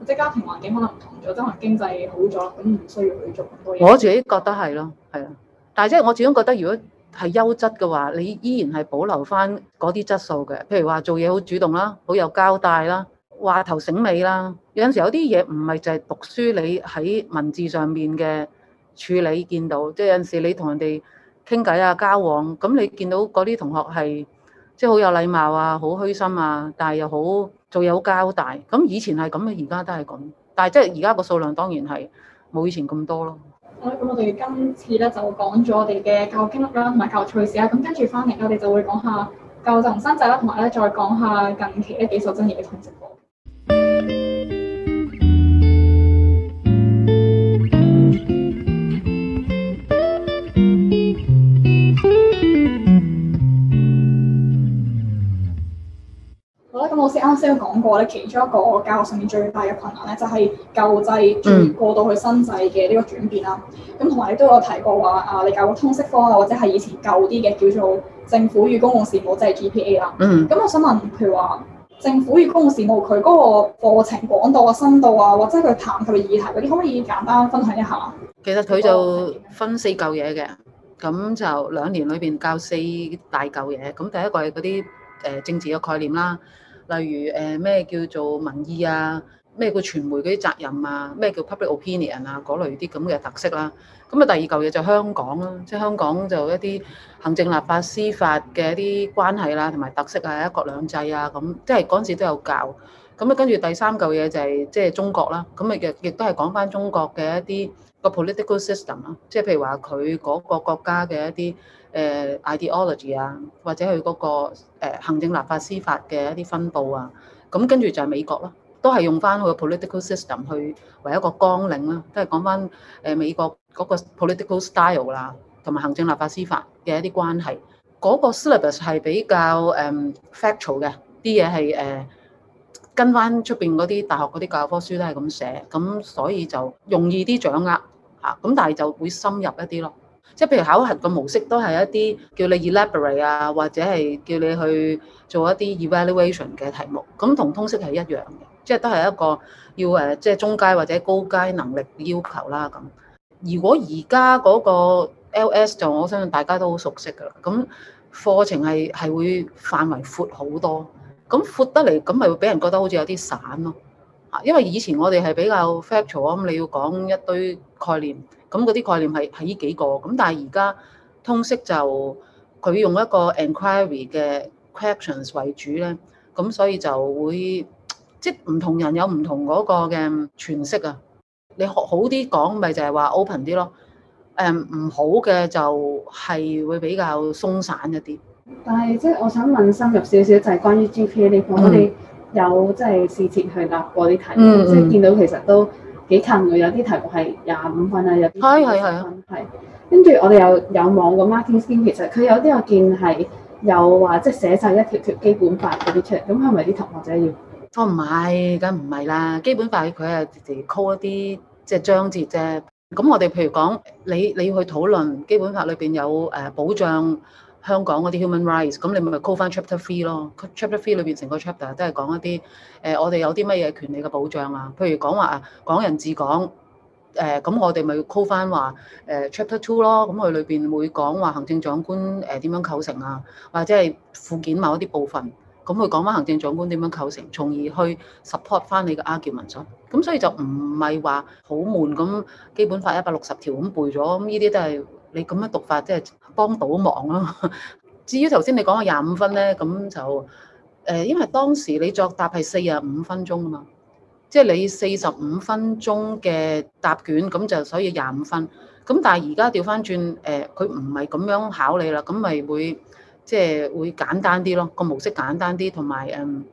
即係家庭環境可能唔同咗，即係可能經濟好咗，咁唔需要去做咁多嘢。我自己覺得係咯，係啊，但係即係我始終覺得如果。係優質嘅話，你依然係保留翻嗰啲質素嘅。譬如話做嘢好主動啦，好有交代啦，話頭醒尾啦。有陣時有啲嘢唔係就係讀書，你喺文字上面嘅處理見到，即係有陣時你同人哋傾偈啊、交往，咁你見到嗰啲同學係即係好有禮貌啊、好虛心啊，但係又好做嘢好交代。咁以前係咁，而家都係咁，但係即係而家個數量當然係冇以前咁多咯。好啦，咁我哋今次咧就講咗我哋嘅教育經歷啦，同埋教育趣事啦。咁跟住翻嚟，我哋就會講下教育就同生仔啦，同埋咧再講下近期呢幾首爭議嘅通識科。我先啱先講過咧，其中一個教育上面最大嘅困難咧，就係舊制轉過到去新制嘅呢個轉變啦。咁同埋都有提過話啊，你教通識科啊，或者係以前舊啲嘅叫做政府與公共事務，即係 GPA 啦。咁，嗯，我想問，譬如話政府與公共事務，佢嗰個課程廣度啊、深度啊，或者佢談佢嘅議題嗰啲，可唔可以簡單分享一下？其實佢就分四嚿嘢嘅，咁就兩年裏邊教四大嚿嘢。咁第一個係嗰啲誒政治嘅概念啦。例如誒咩叫做民意啊，咩叫傳媒嗰啲責任啊，咩叫 public opinion 啊嗰類啲咁嘅特色啦。咁啊第二嚿嘢就香港啦，即係香港就一啲行政、立法、司法嘅一啲關係啦，同埋特色啊，一國兩制啊咁，即係嗰陣時都有教。咁啊跟住第三嚿嘢就係即係中國啦，咁啊亦亦都係講翻中國嘅一啲個 political system 啦，即係譬如話佢嗰個國家嘅一啲。誒、uh, ideology 啊，或者佢嗰、那個、uh, 行政、立法、司法嘅一啲分佈啊，咁跟住就係美國咯，都係用翻佢嘅 political system 去為一個綱領啦、啊，都係講翻誒美國嗰個 political style 啦、啊，同埋行政、立法、司法嘅一啲關係。嗰、那個 syllabus 係比較誒、um, factual 嘅，啲嘢係誒跟翻出邊嗰啲大學嗰啲教科書都係咁寫，咁所以就容易啲掌握嚇，咁、啊、但係就會深入一啲咯。即係譬如考核個模式都係一啲叫你 elaborate 啊，或者係叫你去做一啲 evaluation 嘅題目，咁同通識係一樣嘅，即係都係一個要誒，即係中階或者高階能力要求啦咁。如果而家嗰個 LS 就我相信大家都好熟悉㗎啦，咁課程係係會範圍闊好多，咁闊得嚟咁咪會俾人覺得好似有啲散咯，因為以前我哋係比較 factual 咁，你要講一堆概念。咁嗰啲概念係係呢幾個，咁但係而家通識就佢用一個 enquiry 嘅 questions 為主咧，咁所以就會即係唔同人有唔同嗰個嘅詮釋啊。你學好啲講咪就係話 open 啲咯，誒唔好嘅就係會比較鬆散一啲。但係即係我想問深入少少就係關於 GP 嘅地方，我哋有即係事前去答過啲題，即係見到其實都。幾近㗎？有啲題目係廿五分啊，有啲係。係係係。跟住我哋有有網個 marking scheme，其實佢有啲我見係有話，即係寫曬一條條基本法嗰啲出嚟，咁係咪啲同學仔要？我唔係，梗唔係啦。基本法佢係 call 一啲即係章節啫。咁我哋譬如講，你你要去討論基本法裏邊有誒保障。香港嗰啲 human rights，咁你咪咪 call 翻 chapter three 咯。chapter three 裏邊成個 chapter 都係講一啲，誒、呃、我哋有啲乜嘢權利嘅保障啊。譬如講話港人治港。誒、呃、咁我哋咪 call 翻話誒 chapter two 咯。咁佢裏邊會講話行政長官誒點樣構成啊，或者係附件某一啲部分，咁佢講翻行政長官點樣構成，從而去 support 翻你嘅 argument 文組。咁所以就唔係話好悶咁，基本法一百六十條咁背咗，咁呢啲都係你咁樣讀法，即係。幫到忙咯。至於頭先你講嘅廿五分咧，咁就誒，因為當時你作答係四啊五分鐘啊嘛，即係你四十五分鐘嘅答卷，咁就所以廿五分。咁但係而家調翻轉誒，佢唔係咁樣考你啦，咁咪會即係會簡單啲咯，個模式簡單啲，同埋誒，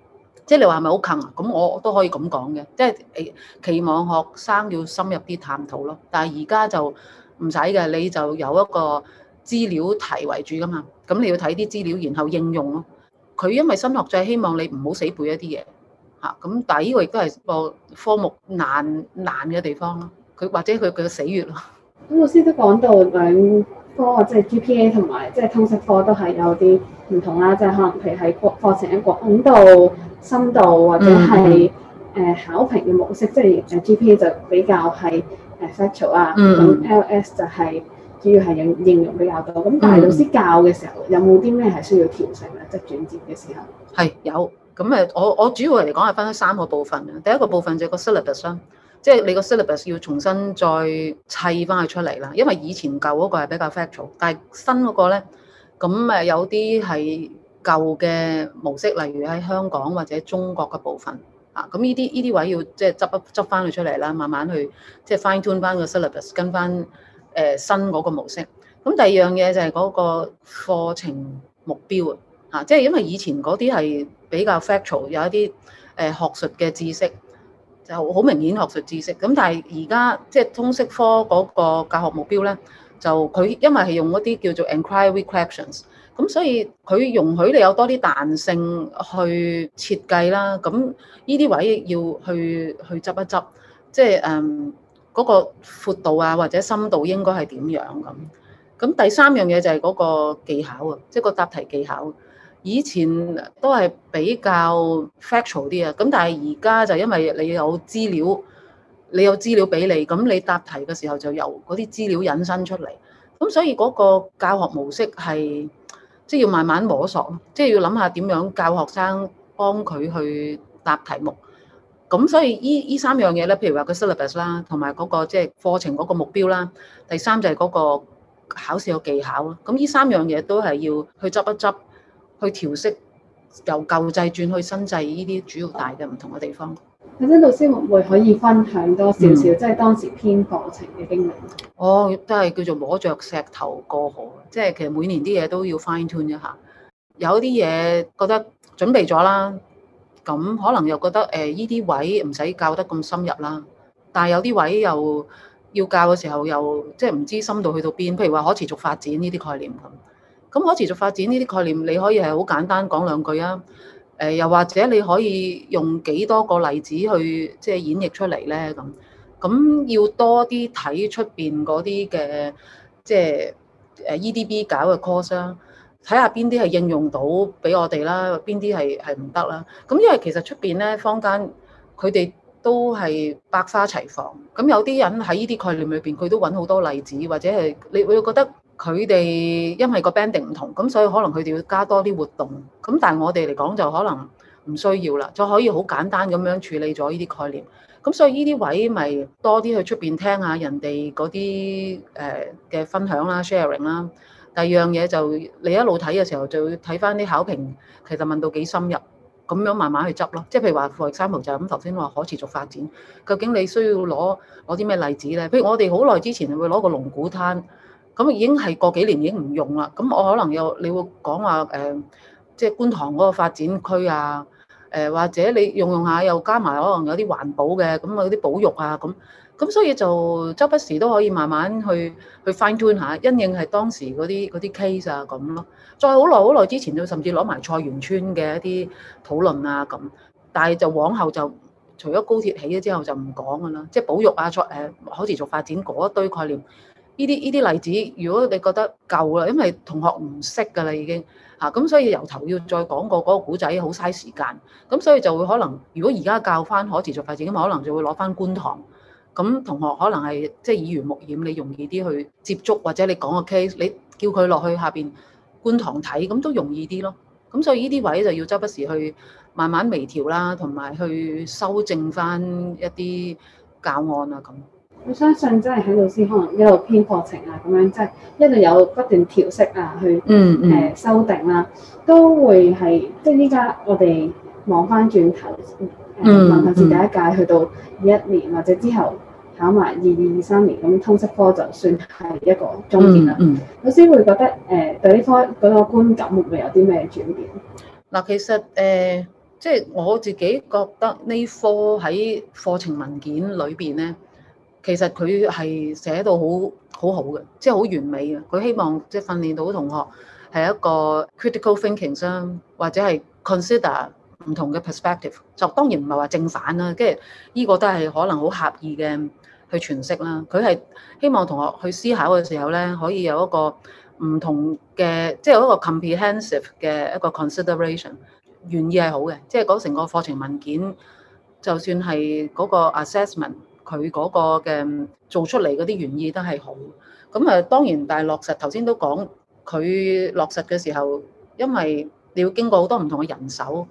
即係你話係咪好近啊？咁我都可以咁講嘅，即係誒，期望學生要深入啲探討咯。但係而家就唔使嘅，你就有一個。資料題為主噶嘛，咁你要睇啲資料，然後應用咯。佢因為新學制，就係、希望你唔好死背一啲嘢吓。咁、啊、但係呢個亦都係個科目難難嘅地方咯。佢或者佢佢嘅死穴咯。咁老師都講到兩科，即係 GPA 同埋即係通識科都係有啲唔同啦。即、就、係、是、可能譬如喺課課程嘅廣度、深度或者係誒、嗯呃、考評嘅模式，即、就、係、是、GPA 就比較係 effective 啊，咁 LS 就係、是。主要係應應用比較多，咁但係老師教嘅時候、嗯、有冇啲咩係需要調整啊？即、就是、轉接嘅時候係有。咁誒，我我主要嚟講係分咗三個部分嘅。第一個部分就個 syllabus，即係你個 syllabus 要重新再砌翻佢出嚟啦。因為以前舊嗰個係比較 factual，但係新嗰個咧，咁誒有啲係舊嘅模式，例如喺香港或者中國嘅部分啊，咁呢啲呢啲位要即係執一執翻佢出嚟啦，慢慢去即係 fine tune 翻個 syllabus 跟翻。誒新嗰個模式，咁第二樣嘢就係嗰個課程目標啊，嚇！即係因為以前嗰啲係比較 factual 有一啲誒學術嘅知識就好明顯學術知識。咁但係而家即係通識科嗰個教學目標咧，就佢因為係用嗰啲叫做 enquiry questions 咁所以佢容許你有多啲彈性去設計啦。咁呢啲位要去去執一執，即係嗯。嗰個闊度啊，或者深度應該係點樣咁？咁第三樣嘢就係嗰個技巧啊，即係個答題技巧。以前都係比較 factual 啲啊，咁但係而家就因為你有資料，你有資料俾你，咁你答題嘅時候就由嗰啲資料引申出嚟。咁所以嗰個教學模式係即係要慢慢摸索咯，即係要諗下點樣教學生幫佢去答題目。咁所以呢依三樣嘢咧，譬如話個 syllabus 啦，同埋嗰個即係課程嗰個目標啦，第三就係嗰個考試嘅技巧。咁呢三樣嘢都係要去執一執，去調適，由舊制轉去新制呢啲主要大嘅唔同嘅地方。睇張老師會唔會可以分享多少少即係當時編課程嘅經歷？哦，都係叫做摸着石頭過河，即係其實每年啲嘢都要 fine tune 一下，有啲嘢覺得準備咗啦。咁可能又覺得誒依啲位唔使教得咁深入啦，但係有啲位又要教嘅時候又，又即係唔知深度去到邊。譬如話可持續發展呢啲概念咁，咁可持續發展呢啲概念你可以係好簡單講兩句啊，誒、呃、又或者你可以用幾多個例子去即係演繹出嚟咧咁，咁要多啲睇出面嗰啲嘅即係誒 EDB 搞嘅 course。睇下邊啲係應用到俾我哋啦，邊啲係係唔得啦。咁因為其實出邊咧，坊間佢哋都係百花齊放。咁有啲人喺呢啲概念裏邊，佢都揾好多例子，或者係你會覺得佢哋因為個 banding 唔同，咁所以可能佢哋要加多啲活動。咁但係我哋嚟講就可能唔需要啦，就可以好簡單咁樣處理咗呢啲概念。咁所以呢啲位咪多啲去出邊聽下人哋嗰啲誒嘅分享啦、sharing 啦。第二樣嘢就你一路睇嘅時候，就會睇翻啲考評，其實問到幾深入，咁樣慢慢去執咯。即係譬如話，範例三號就咁頭先話可持續發展，究竟你需要攞攞啲咩例子咧？譬如我哋好耐之前會攞個龍鼓灘，咁已經係過幾年已經唔用啦。咁我可能又你會講話誒，即係觀塘嗰個發展區啊，誒或者你用用下又加埋可能有啲環保嘅，咁啊啲保育啊咁。咁所以就周不時都可以慢慢去去 fine-tune 下，因應係當時嗰啲啲 case 啊咁咯。再好耐好耐之前就甚至攞埋菜園村嘅一啲討論啊咁，但係就往後就除咗高鐵起咗之後就唔講㗎啦，即係保育啊、作誒可持續發展嗰一堆概念。呢啲呢啲例子，如果你覺得夠啦，因為同學唔識㗎啦已經嚇，咁、啊、所以由頭要再講過嗰、那個古仔好嘥時間。咁所以就會可能如果而家教翻可持續發展，咁可能就會攞翻觀塘。咁同學可能係即係耳濡目染，你容易啲去接觸，或者你講個 case，你叫佢落去下邊觀塘睇，咁都容易啲咯。咁所以呢啲位就要周不時去慢慢微調啦，同埋去修正翻一啲教案啊咁。我相信真係喺老師可能一路編課程啊，咁樣真係一路有不斷調適啊，去誒修訂啦，都會係即係依家我哋望翻轉頭，問下，自第一屆去到一年或者之後。考埋二二二三年咁通識科就算係一個終點啦。嗯嗯、老師會覺得誒對呢科嗰個觀感會有啲咩轉變？嗱、呃嗯呃，其實誒即係我自己覺得呢科喺課程文件裏邊咧，其實佢係寫到好好好嘅，即係好完美嘅。佢希望即係訓練到同學係一個 critical thinking 商，或者係 consider 唔同嘅 perspective。就當然唔係話正反啦，即係呢個都係可能好狹義嘅。去詮釋啦，佢係希望同學去思考嘅時候咧，可以有一個唔同嘅，即係有一個 comprehensive 嘅一個 consideration。原意係好嘅，即係嗰成個課程文件，就算係嗰個 assessment，佢嗰個嘅做出嚟嗰啲原意都係好。咁啊，當然，但係落實頭先都講，佢落實嘅時候，因為你要經過好多唔同嘅人手，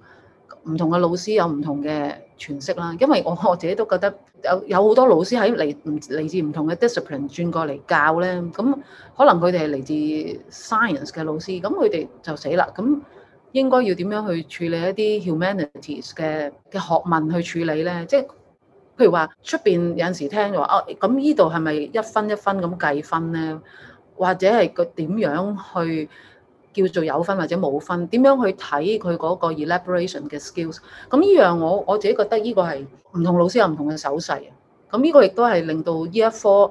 唔同嘅老師有唔同嘅。全識啦，因為我我自己都覺得有有好多老師喺嚟唔嚟自唔同嘅 discipline 轉過嚟教咧，咁可能佢哋係嚟自 science 嘅老師，咁佢哋就死啦。咁應該要點樣去處理一啲 humanities 嘅嘅學問去處理咧？即係譬如話出邊有陣時聽就話哦，咁呢度係咪一分一分咁計分咧？或者係個點樣去？叫做有分或者冇分，點樣去睇佢嗰個 elaboration 嘅 skills？咁呢樣我我自己覺得呢個係唔同老師有唔同嘅手勢。咁呢個亦都係令到呢一科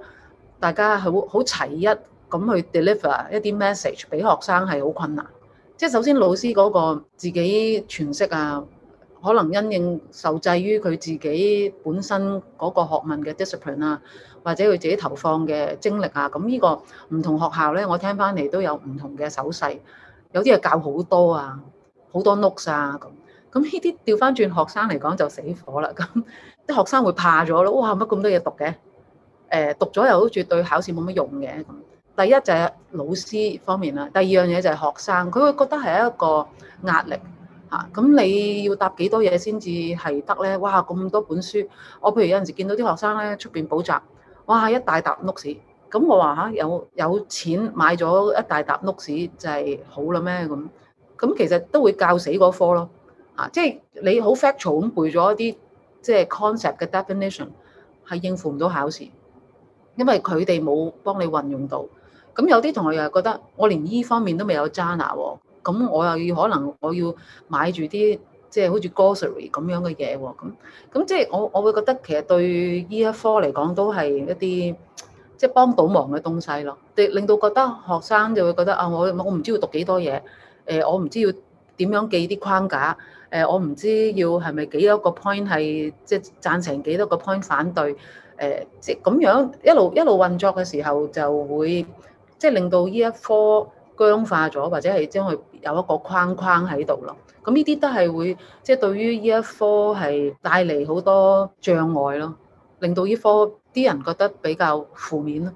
大家好好齊一咁去 deliver 一啲 message 俾學生係好困難。即係首先老師嗰個自己詮釋啊，可能因應受制於佢自己本身嗰個學問嘅 discipline 啊。或者佢自己投放嘅精力啊，咁呢個唔同學校咧，我聽翻嚟都有唔同嘅手勢，有啲係教好多啊，好多 notes 啊咁。咁呢啲調翻轉，學生嚟講就死火啦。咁啲學生會怕咗咯，哇乜咁多嘢讀嘅？誒讀咗又好似對考試冇乜用嘅。咁第一就係老師方面啦，第二樣嘢就係學生，佢會覺得係一個壓力嚇。咁你要答幾多嘢先至係得咧？哇咁多本書，我譬如有陣時見到啲學生咧出邊補習。哇！一大沓碌屎。t 咁我話嚇，有有錢買咗一大沓碌屎就係好啦咩？咁咁其實都會教死嗰科咯，嚇、啊！即係你好 factual 咁背咗一啲即係 concept 嘅 definition，係應付唔到考試，因為佢哋冇幫你運用到。咁有啲同學又覺得我連呢方面都未有渣拿喎，咁我又要可能我要買住啲。即係好似 grocery 咁樣嘅嘢喎，咁咁即係我我會覺得其實對呢一科嚟講都係一啲即係幫到忙嘅東西咯，令令到覺得學生就會覺得啊，我我唔知要讀幾多嘢，誒、呃、我唔知要點樣記啲框架，誒、呃、我唔知要係咪幾多個 point 係即係贊成幾多個 point 反對，誒即係咁樣一路一路運作嘅時候就會即係、就是、令到呢一科僵化咗，或者係將佢有一個框框喺度咯。咁呢啲都係會，即、就、係、是、對於呢一科係帶嚟好多障礙咯，令到呢科啲人覺得比較負面咯。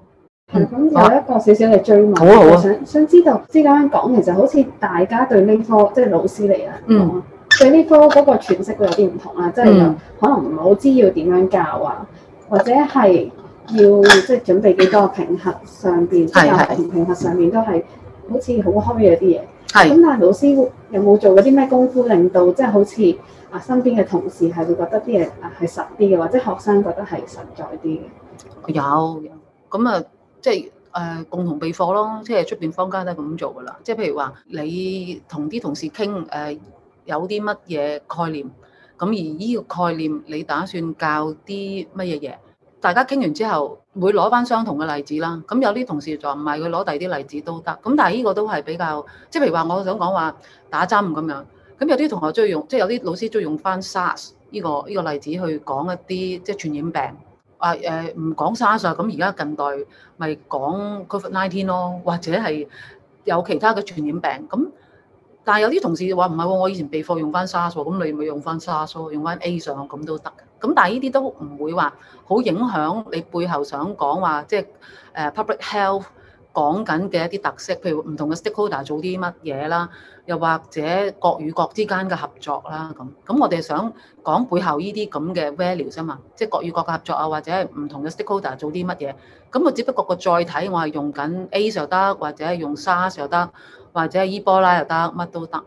係、嗯，咁有一個少少嘅追問，嗯啊、好好我想想知道，即係咁樣講，其實好似大家對呢科，即係老師嚟啊，嗯、對呢科嗰個詮釋都有啲唔同啦，即係又可能唔係好知要點樣教啊，或者係要即係、就是、準備幾多個評核上邊，即係評核上面都係好似好開嘅啲嘢。係，咁是但老師有冇做過啲咩功夫，令到即係、就是、好似啊身邊嘅同事係會覺得啲嘢係實啲嘅，或者學生覺得係實在啲嘅？有，咁啊，即係誒共同備課咯，即係出邊坊間都係咁做㗎啦。即係譬如話，你同啲同事傾誒有啲乜嘢概念，咁而呢個概念你打算教啲乜嘢嘢？大家傾完之後會攞翻相同嘅例子啦，咁有啲同事就唔係佢攞第二啲例子都得，咁但係呢個都係比較，即係譬如話我想講話打針咁樣，咁有啲同學中意用，即係有啲老師中意用翻 SARS 呢、呢個依、呢個例子去講一啲即係傳染病，啊誒唔、呃、講 SARS 咁、啊、而家近代咪講 COVID-19 咯，或者係有其他嘅傳染病咁。但係有啲同事話唔係喎，我以前備課用翻 SARS 咁，你咪用翻 SARS 用翻 A 上咁都得嘅。咁但係呢啲都唔會話好影響你背後想講話，即係誒 public health 講緊嘅一啲特色，譬如唔同嘅 stakeholder 做啲乜嘢啦，又或者國與國之間嘅合作啦，咁咁我哋想講背後呢啲咁嘅 value 啫嘛，即係國與國嘅合作啊，或者唔同嘅 stakeholder 做啲乜嘢，咁我只不過個載體我係用緊 A 上得，或者用 SARS 又得。或者係伊波拉又得，乜都得。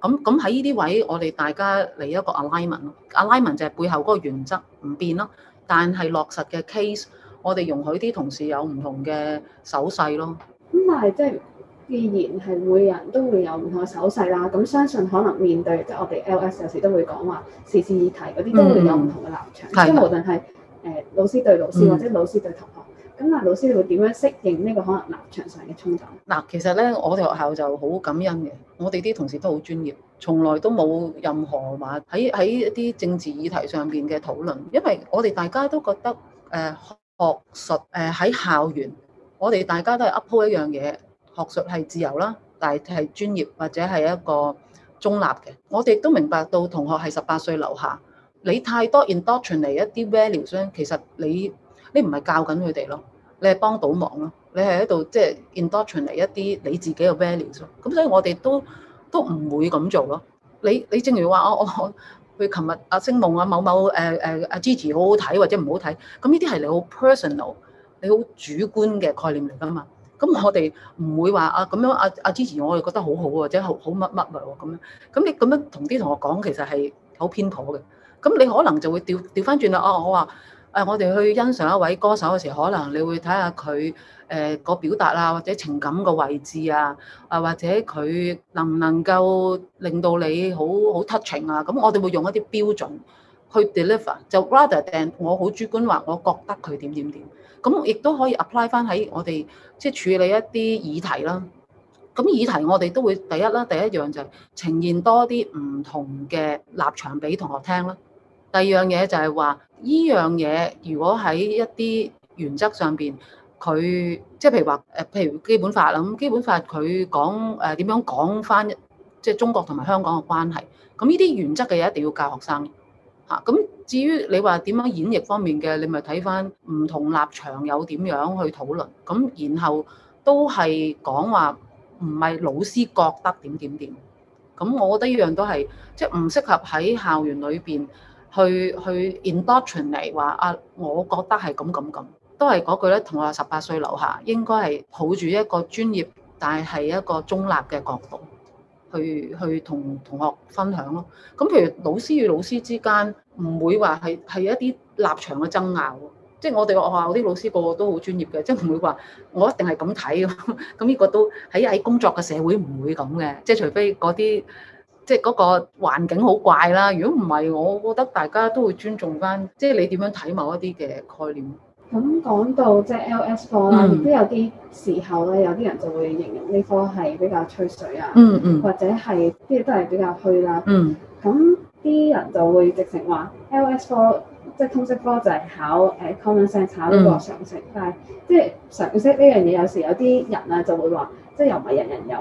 咁咁喺呢啲位，我哋大家嚟一個 alignment 咯。alignment 就係背後嗰個原則唔變咯，但係落實嘅 case，我哋容許啲同事有唔同嘅手勢咯。咁但係即係，既然係每人都會有唔同嘅手勢啦，咁相信可能面對即係我哋 LS 有時都會講話時事議題嗰啲都會有唔同嘅立場，嗯、即係無論係、呃、老師對老師或者老師對同學。嗯嗯。咁啊，老師會點樣適應呢個可能立場上嘅衝撞？嗱，其實咧，我哋學校就好感恩嘅，我哋啲同事都好專業，從來都冇任何話喺喺一啲政治議題上邊嘅討論，因為我哋大家都覺得誒、呃、學術誒喺、呃、校園，我哋大家都係 uphold 一樣嘢，學術係自由啦，但係專業或者係一個中立嘅。我哋都明白到同學係十八歲樓下，你太多 indoctrinate 嚟一啲 values 其實你你唔係教緊佢哋咯。你係幫到忙咯，你係喺度即係 indoctrinate 嚟一啲你自己嘅 values 咯。咁所以我哋都都唔會咁做咯。你你正如話、哦哦、啊，我佢琴日阿星夢啊某某誒誒、啊、阿、啊啊、Gigi 好好睇或者唔好睇，咁呢啲係你好 personal 你好主觀嘅概念嚟㗎嘛。咁我哋唔會話啊咁樣啊啊 Gigi 我係覺得好好、啊、或者好好乜乜㗎喎咁樣。咁你咁樣同啲同學講其實係好偏頗嘅。咁你可能就會調調翻轉啦。啊我話。誒、啊，我哋去欣賞一位歌手嘅時候，可能你會睇下佢誒個表達啊，或者情感個位置啊，啊或者佢能唔能夠令到你好好 touching 啊？咁、嗯、我哋會用一啲標準去 deliver，就 rather than 我好主觀話，我覺得佢點點點。咁亦都可以 apply 翻喺我哋即係處理一啲議題啦。咁、嗯、議題我哋都會第一啦，第一樣就係呈現多啲唔同嘅立場俾同學聽啦。第二樣嘢就係話。呢樣嘢，如果喺一啲原則上邊，佢即係譬如話誒，譬如基本法啦，咁基本法佢講誒呃、點樣講翻即係中國同埋香港嘅關係，咁呢啲原則嘅嘢一定要教學生嚇。咁、啊、至於你話點樣演繹方面嘅，你咪睇翻唔同立場有點樣去討論，咁然後都係講話唔係老師覺得點點點。咁我覺得呢樣都係即係唔適合喺校園裏邊。去去 induction 嚟話啊，我覺得係咁咁咁，都係嗰句咧，同學十八歲以下，應該係抱住一個專業，但係係一個中立嘅角度去去同同學分享咯。咁譬如老師與老師之間唔會話係係一啲立場嘅爭拗，即係我哋學校啲老師個個都好專業嘅，即係唔會話我一定係咁睇。咁呢個都喺喺工作嘅社會唔會咁嘅，即係除非嗰啲。即係嗰個環境好怪啦，如果唔係，我覺得大家都會尊重返，即係你點樣睇某一啲嘅概念。咁講到即係 LS 科啦，亦都、嗯、有啲時候咧，有啲人就會形容呢科係比較吹水啊，嗯嗯，嗯或者係即係都係比較虛啦、啊。嗯，咁啲人就會直情話 LS 科即係通識科就係考誒 common sense 考呢個常識，嗯、但係即係常識呢樣嘢有時有啲人啊就會話，即係又唔係人，人人有。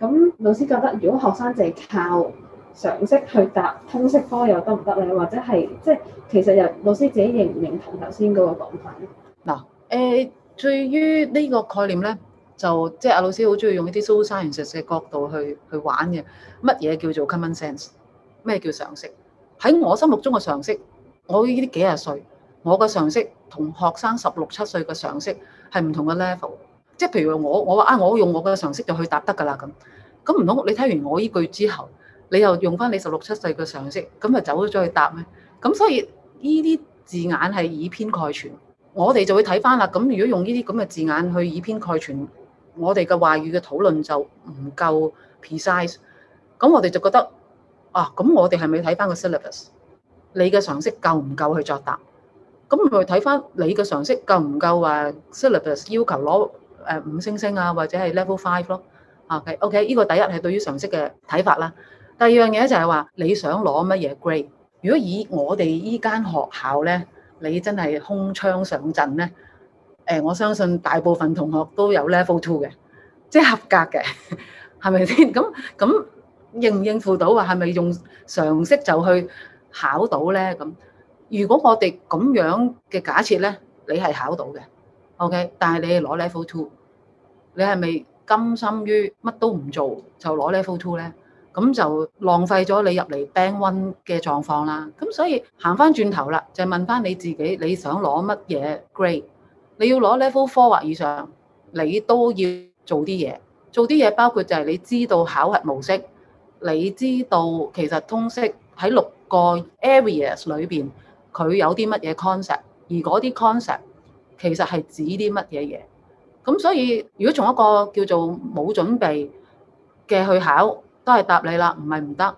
咁老師覺得，如果學生淨係靠常識去答通識科又得唔得咧？或者係即係其實又老師自己認唔認同頭先嗰個講法？嗱，誒，對於呢個概念咧，就即係阿老師好中意用呢啲 sociologist 嘅角度去去玩嘅。乜嘢叫做 common sense？咩叫常識？喺我心目中嘅常識，我呢啲幾廿歲，我嘅常識同學生十六七歲嘅常識係唔同嘅 level。即係譬如我，我話啊，我用我嘅常識就去答得㗎啦。咁咁唔通你睇完我依句之後，你又用翻你十六七歲嘅常識咁咪走咗再去答咩？咁所以呢啲字眼係以偏概全，我哋就會睇翻啦。咁如果用呢啲咁嘅字眼去以偏概全，我哋嘅話語嘅討論就唔夠 precise。咁我哋就覺得啊，咁我哋係咪要睇翻個 syllabus？你嘅常識夠唔夠去作答？咁咪睇翻你嘅常識夠唔夠話 syllabus 要求攞？誒五星星啊，或者係 level five 咯。啊，OK，OK，依個第一係對於常識嘅睇法啦。第二樣嘢就係話你想攞乜嘢 grade？如果以我哋依間學校咧，你真係空槍上陣咧，誒，我相信大部分同學都有 level two 嘅，即係合格嘅，係咪先？咁咁應唔應付到啊？係咪用常識就去考到咧？咁如果我哋咁樣嘅假設咧，你係考到嘅，OK，但係你攞 level two。你係咪甘心於乜都唔做就攞 Level Two 呢？咁就浪費咗你入嚟 Band One 嘅狀況啦。咁所以行翻轉頭啦，就是、問翻你自己，你想攞乜嘢 Grade？你要攞 Level Four 或以上，你都要做啲嘢。做啲嘢包括就係你知道考核模式，你知道其實通識喺六個 Areas 裏邊佢有啲乜嘢 concept，而嗰啲 concept 其實係指啲乜嘢嘢？咁所以，如果從一個叫做冇準備嘅去考，都係答你啦，唔係唔得。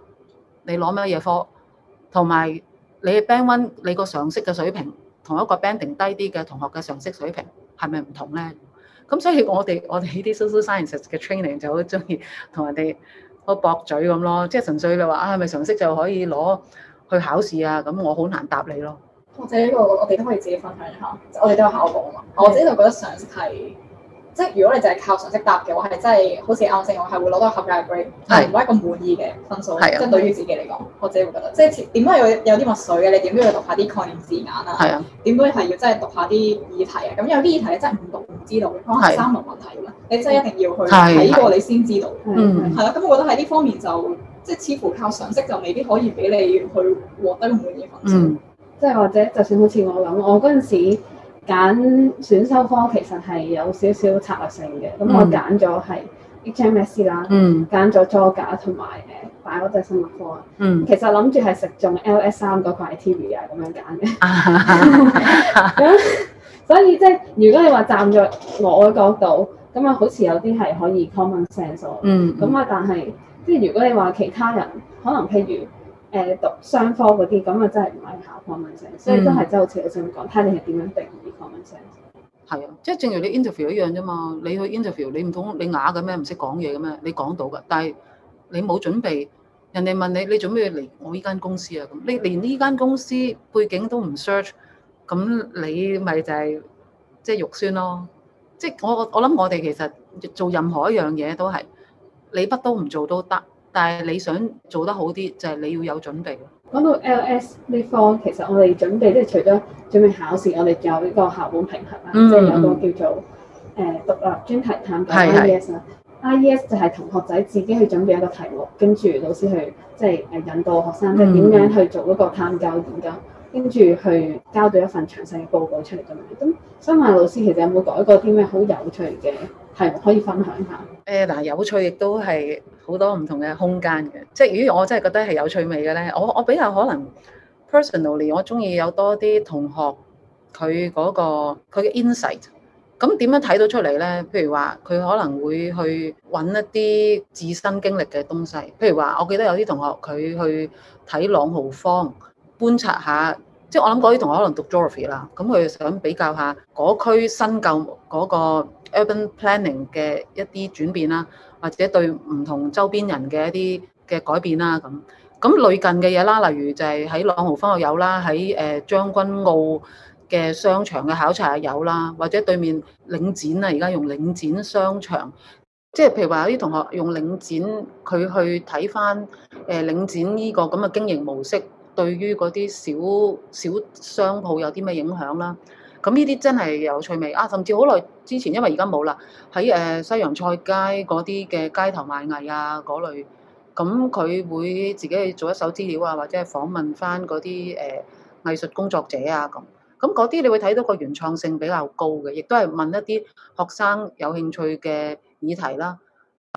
你攞咩嘢科，同埋你嘅 band one，你個常識嘅水平，同一個 banding 低啲嘅同學嘅常識水平係咪唔同咧？咁所以我哋我哋呢啲 social sciences 嘅 training 就好中意同人哋個駁嘴咁咯，即係純粹你話啊，係咪常識就可以攞去考試啊？咁我好難答你咯。或者呢個我我哋都可以自己分享一下，我哋都有考過啊嘛。我自己就覺得常識係。即係如果你就係靠常識答嘅，我係真係好似啱先，我係會攞到合格嘅 grade，唔係一個滿意嘅分數。即係對於自己嚟講，我自己會覺得，即係點解有有啲墨水嘅？你點都要讀下啲概念字眼啊，點都要係要真係讀下啲議題啊。咁有啲議題你真係唔讀唔知道，可能係三文問題咁。你真係一定要去睇過你先知道。嗯，係啦。咁我覺得喺呢方面就即係似乎靠常識就未必可以俾你去獲得一個滿意嘅分數。即係或者就算好似我咁，我嗰陣時。揀選修科其實係有少少策略性嘅，咁我揀咗係 HMS 啦，揀咗助教同埋誒大嗰隻生物科，嗯、其實諗住係食中 LS 三嗰個 activity 啊咁樣揀嘅。咁、啊啊、 所以即係如果你話站在我嘅角度，咁啊好似有啲係可以 common sense 咯、嗯。咁啊，但係即係如果你話其他人，可能譬如。誒讀雙科嗰啲咁啊，真係唔係考 common sense，所以都係即係好似我想講，睇你係點樣定義 common sense。係啊，即係正如你 interview 一樣啫嘛，你去 interview 你唔通你啞嘅咩？唔識講嘢嘅咩？你講到㗎，但係你冇準備，人哋問你你做咩嚟我呢間公司啊？咁你連呢間公司背景都唔 search，咁你咪就係即係肉酸咯。即係我我諗我哋其實做任何一樣嘢都係你不都唔做都得。但係你想做得好啲，就係你要有準備。講到 LS 呢方，其實我哋準備即係除咗準備考試，我哋仲有呢個校本評核啊，嗯、即係有個叫做誒獨立專題探究 I E S 啦。I E S, 是是就係同學仔自己去準備一個題目，跟住老師去即係誒引導學生點樣去做嗰個探究研究，跟住、嗯、去交到一份詳細嘅報告出嚟咁樣。咁新馬老師其實有冇改過啲咩好有趣嘅？係可以分享下誒嗱、嗯，有趣亦都係好多唔同嘅空間嘅。即係如果我真係覺得係有趣味嘅咧，我我比較可能 personally 我中意有多啲同學佢嗰個佢嘅 insight。咁點樣睇到出嚟咧？譬如話佢可能會去揾一啲自身經歷嘅東西。譬如話，我記得有啲同學佢去睇朗豪坊，觀察下。即係我諗嗰啲同學可能讀 geography 啦，咁佢想比較下嗰區新舊嗰個。Urban planning 嘅一啲轉變啦，或者對唔同周邊人嘅一啲嘅改變啦，咁咁類近嘅嘢啦，例如就係喺朗豪坊有啦，喺誒將軍澳嘅商場嘅考察啊有啦，或者對面領展啊，而家用領展商場，即係譬如話有啲同學用領展，佢去睇返誒領展呢個咁嘅經營模式，對於嗰啲小小商鋪有啲咩影響啦。咁呢啲真係有趣味啊！甚至好耐之前，因為而家冇啦，喺誒、呃、西洋菜街嗰啲嘅街頭賣藝啊嗰類，咁佢會自己做一手資料啊，或者訪問翻嗰啲誒藝術工作者啊咁，咁嗰啲你會睇到個原創性比較高嘅，亦都係問一啲學生有興趣嘅議題啦，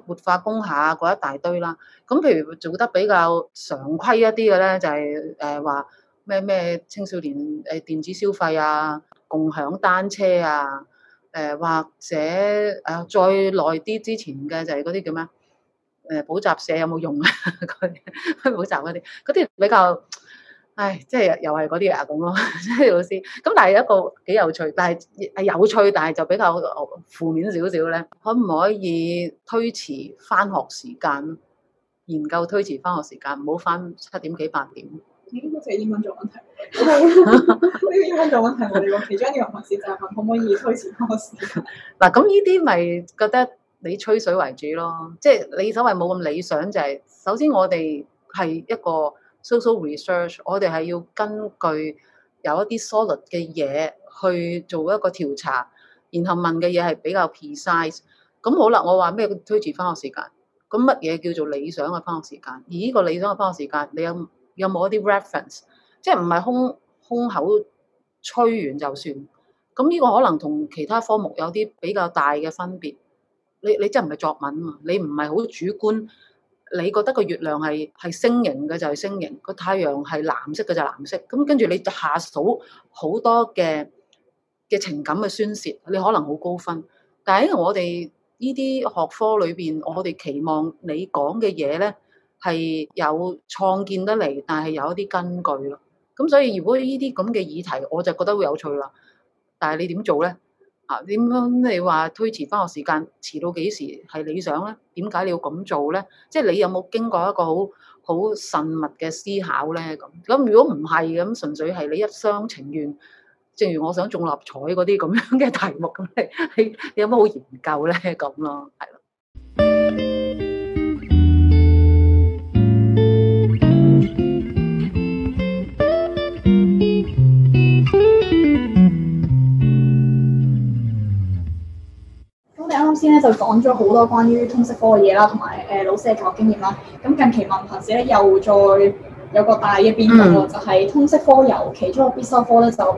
活化工廈嗰、啊、一大堆啦。咁譬如做得比較常規一啲嘅咧，就係、是、誒、呃、話咩咩青少年誒電子消費啊。共享單車啊，誒、呃、或者誒再耐啲之前嘅就係嗰啲叫咩？誒、呃、補習社有冇用啊？嗰 啲補習嗰啲，嗰啲比較，唉，即、就、係、是、又係嗰啲啊咁咯，即係老師。咁但係有一個幾有趣，但係有趣，但係就比較負面少少咧。可唔可以推遲返學時間？研究推遲返學時間，唔好返七點幾八點。咁都係英文做問題，呢啲英文做問題，我哋話其中一樣學事就係可唔可以推遲翻學時間？嗱，咁呢啲咪覺得你吹水為主咯，即係你所謂冇咁理想就係、是、首先我哋係一個 social research，我哋係要根據有一啲 solid 嘅嘢去做一個調查，然後問嘅嘢係比較 precise。咁好啦，我話咩推遲翻學時間，咁乜嘢叫做理想嘅翻學時間？而呢個理想嘅翻學時間，你有？有冇一啲 reference？即係唔係空空口吹完就算？咁呢個可能同其他科目有啲比較大嘅分別。你你真係唔係作文啊？你唔係好主觀，你覺得個月亮係係星形嘅就係星形，個太陽係藍色嘅就係藍色。咁跟住你下數好多嘅嘅情感嘅宣洩，你可能好高分。但喺我哋呢啲學科裏邊，我哋期望你講嘅嘢咧。係有創建得嚟，但係有一啲根據咯。咁所以如果呢啲咁嘅議題，我就覺得會有趣啦。但係你點做咧？啊，點樣你話推遲返學時間，遲到幾時係理想咧？點解你要咁做咧？即係你有冇經過一個好好慎密嘅思考咧？咁咁如果唔係咁，純粹係你一廂情願，正如我想中六合彩嗰啲咁樣嘅題目咁，你你有乜好研究咧？咁咯，係咯。咧就講咗好多關於通識科嘅嘢啦，同埋誒老師嘅教學經驗啦。咁近期問學士咧又再有個大嘅變動喎，嗯、就係通識科由其中嘅必修科咧就，誒、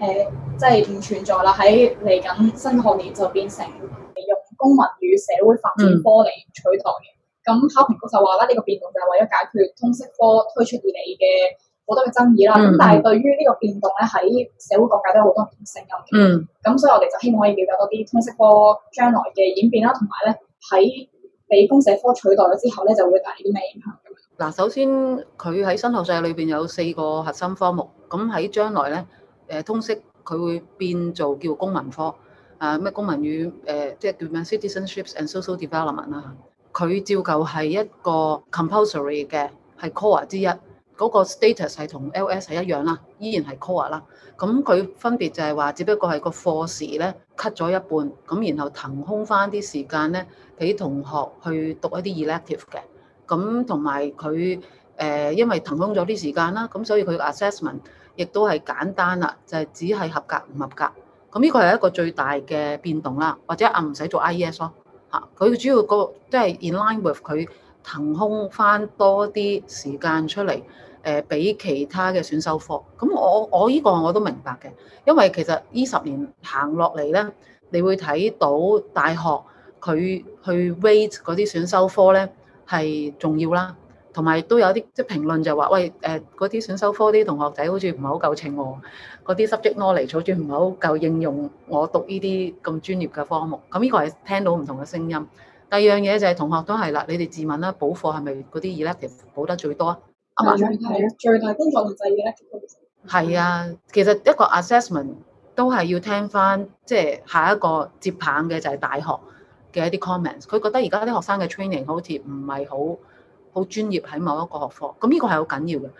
呃、即係唔存在啦，喺嚟緊新學年就變成用公民與社會發展科嚟取代嘅。咁、嗯、考評局就話啦，呢、這個變動就係為咗解決通識科推出嚟嘅。好多嘅爭議啦，咁、嗯、但係對於呢個變動咧，喺社會各界都有好多唔同聲音嘅。咁、嗯、所以我哋就希望可以瞭解多啲通識科將來嘅演變啦，同埋咧喺被公社科取代咗之後咧，就會帶嚟啲咩影響？嗱，首先佢喺新學制裏邊有四個核心科目，咁喺將來咧，誒通識佢會變叫做叫公民科啊，咩公民語誒、啊，即係叫咩 citizenships and social development 啦，佢照舊係一個 compulsory 嘅，係 core 之一。嗰個 status 係同 LS 係一樣啦，依然係 core 啦。咁佢分別就係話，只不過係個課時咧 cut 咗一半，咁然後騰空翻啲時間咧俾同學去讀一啲 elective 嘅。咁同埋佢誒，因為騰空咗啲時間啦，咁所以佢 assessment 亦都係簡單啦，就係、是、只係合格唔合格。咁呢個係一個最大嘅變動啦，或者啊唔使做 IES 咯嚇。佢主要、個即係 in line with 佢騰空翻多啲時間出嚟。誒，俾其他嘅選修科咁，我我依個我都明白嘅，因為其實呢十年行落嚟呢，你會睇到大學佢去 rate 嗰啲選修科呢係重要啦，同埋都有啲即係評論就話：喂誒，嗰、呃、啲選修科啲同學仔好似唔係好夠稱喎，嗰啲 subject 攞嚟，坐住唔係好夠應用。我讀呢啲咁專業嘅科目，咁呢個係聽到唔同嘅聲音。第二樣嘢就係同學都係啦，你哋自問啦，補課係咪嗰啲 elective 補得最多啊？係啊，最大工作量制嘅係啊，其實一個 assessment 都係要聽翻，即係下一個接棒嘅就係大學嘅一啲 comments。佢覺得而家啲學生嘅 training 好似唔係好好專業喺某一個學科，咁呢個係好緊要嘅，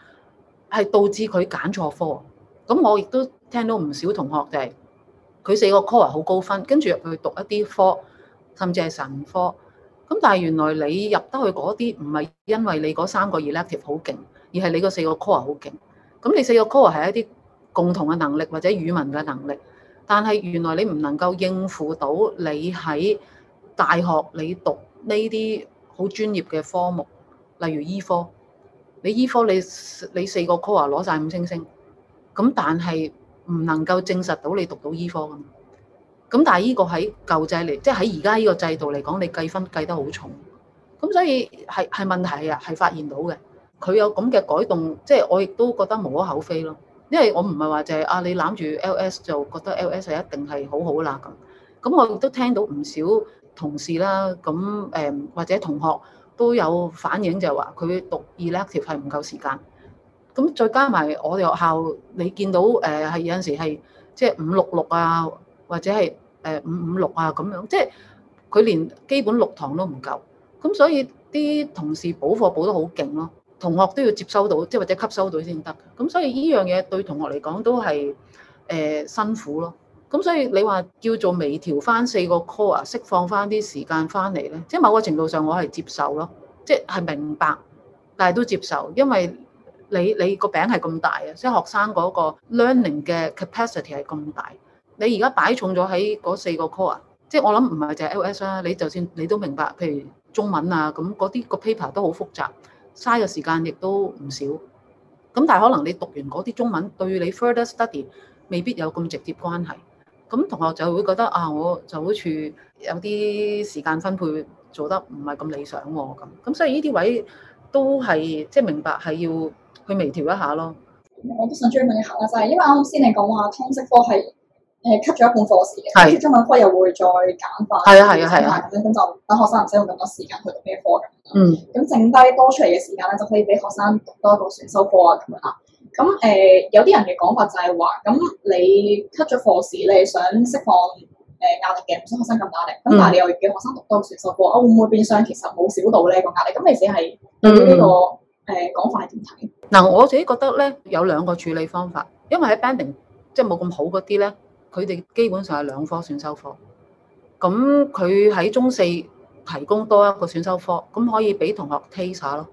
係導致佢揀錯科。咁我亦都聽到唔少同學就係佢四個 core 好高分，跟住入去讀一啲科，甚至係神科。咁但係原來你入得去嗰啲唔係因為你嗰三個 elective 好勁。而係你個四個 core 好勁，咁你四個 core 係一啲共同嘅能力或者語文嘅能力，但係原來你唔能夠應付到你喺大學你讀呢啲好專業嘅科目，例如醫科，你醫科你你四個 core 攞晒五星星，咁但係唔能夠證實到你讀到醫科啊嘛，咁但係呢個喺舊制嚟，即係喺而家呢個制度嚟講，你計分計得好重，咁所以係係問題啊，係發現到嘅。佢有咁嘅改動，即係我亦都覺得無可厚非咯。因為我唔係話就係、是、啊，你攬住 L.S. 就覺得 L.S. 係一定係好好啦咁。咁、嗯、我亦都聽到唔少同事啦，咁、嗯、誒或者同學都有反映，就係話佢讀 elective 係唔夠時間。咁、嗯、再加埋我哋學校，你見到誒係、呃、有陣時係即係五六六啊，或者係誒五五六啊咁樣，即係佢連基本六堂都唔夠。咁、嗯、所以啲同事補課補得好勁咯。同學都要接收到，即係或者吸收到先得。咁所以呢樣嘢對同學嚟講都係誒、呃、辛苦咯。咁所以你話叫做微調翻四個 core，釋放翻啲時間翻嚟呢？即係某個程度上我係接受咯，即係明白，但係都接受，因為你你個餅係咁大啊，即係學生嗰個 learning 嘅 capacity 係咁大。你而家擺重咗喺嗰四個 core，即係我諗唔係就係 LS 啦。你就算你都明白，譬如中文啊咁，嗰啲個 paper 都好複雜。嘥嘅時間亦都唔少，咁但係可能你讀完嗰啲中文對你 further study 未必有咁直接關係，咁、嗯、同學就會覺得啊，我就好似有啲時間分配做得唔係咁理想喎、哦，咁咁、嗯、所以呢啲位都係即係明白係要去微調一下咯。我都想追問一下就係、是，因為啱先你講話通識科係。誒 cut 咗一半課時，跟住中文科又會再簡化，係啊係啊係啊，咁就等學生唔使用咁多時間去讀咩科咁。嗯，咁剩低多出嚟嘅時間咧，就可以俾學生讀多一個選修科啊，咁樣啦。咁誒有啲人嘅講法就係話，咁你 cut 咗課時，你想釋放誒壓力嘅，唔想學生咁大壓力。咁但係你又叫學生讀多個選修科啊，會唔會變相其實冇少到呢個壓力？咁你哋係對呢個誒講法點睇？嗱，我自己覺得咧有兩個處理方法，因為喺 banding 即係冇咁好嗰啲咧。佢哋基本上係兩科選修科，咁佢喺中四提供多一個選修科，咁可以俾同學 taste 下咯，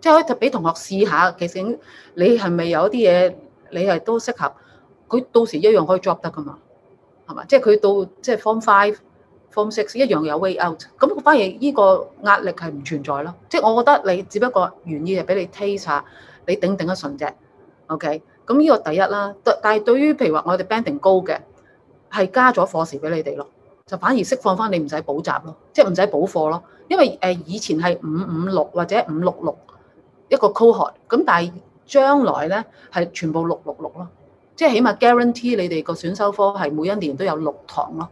即係可以俾同學試下，其實你係咪有一啲嘢你係都適合？佢到時一樣可以 drop 得噶嘛，係嘛？即係佢到即係 form five、form six 一樣有 way out，咁反而呢個壓力係唔存在咯。即係我覺得你只不過原意係俾你 taste 下，你頂頂一順啫。OK，咁呢個第一啦。但但係對於譬如話我哋 banding 高嘅。係加咗課時俾你哋咯，就反而釋放翻你唔使補習咯，即係唔使補課咯。因為誒以前係五五六或者五六六一個 cohort，咁但係將來呢係全部六六六咯，即係起碼 guarantee 你哋個選修科係每一年都有六堂咯。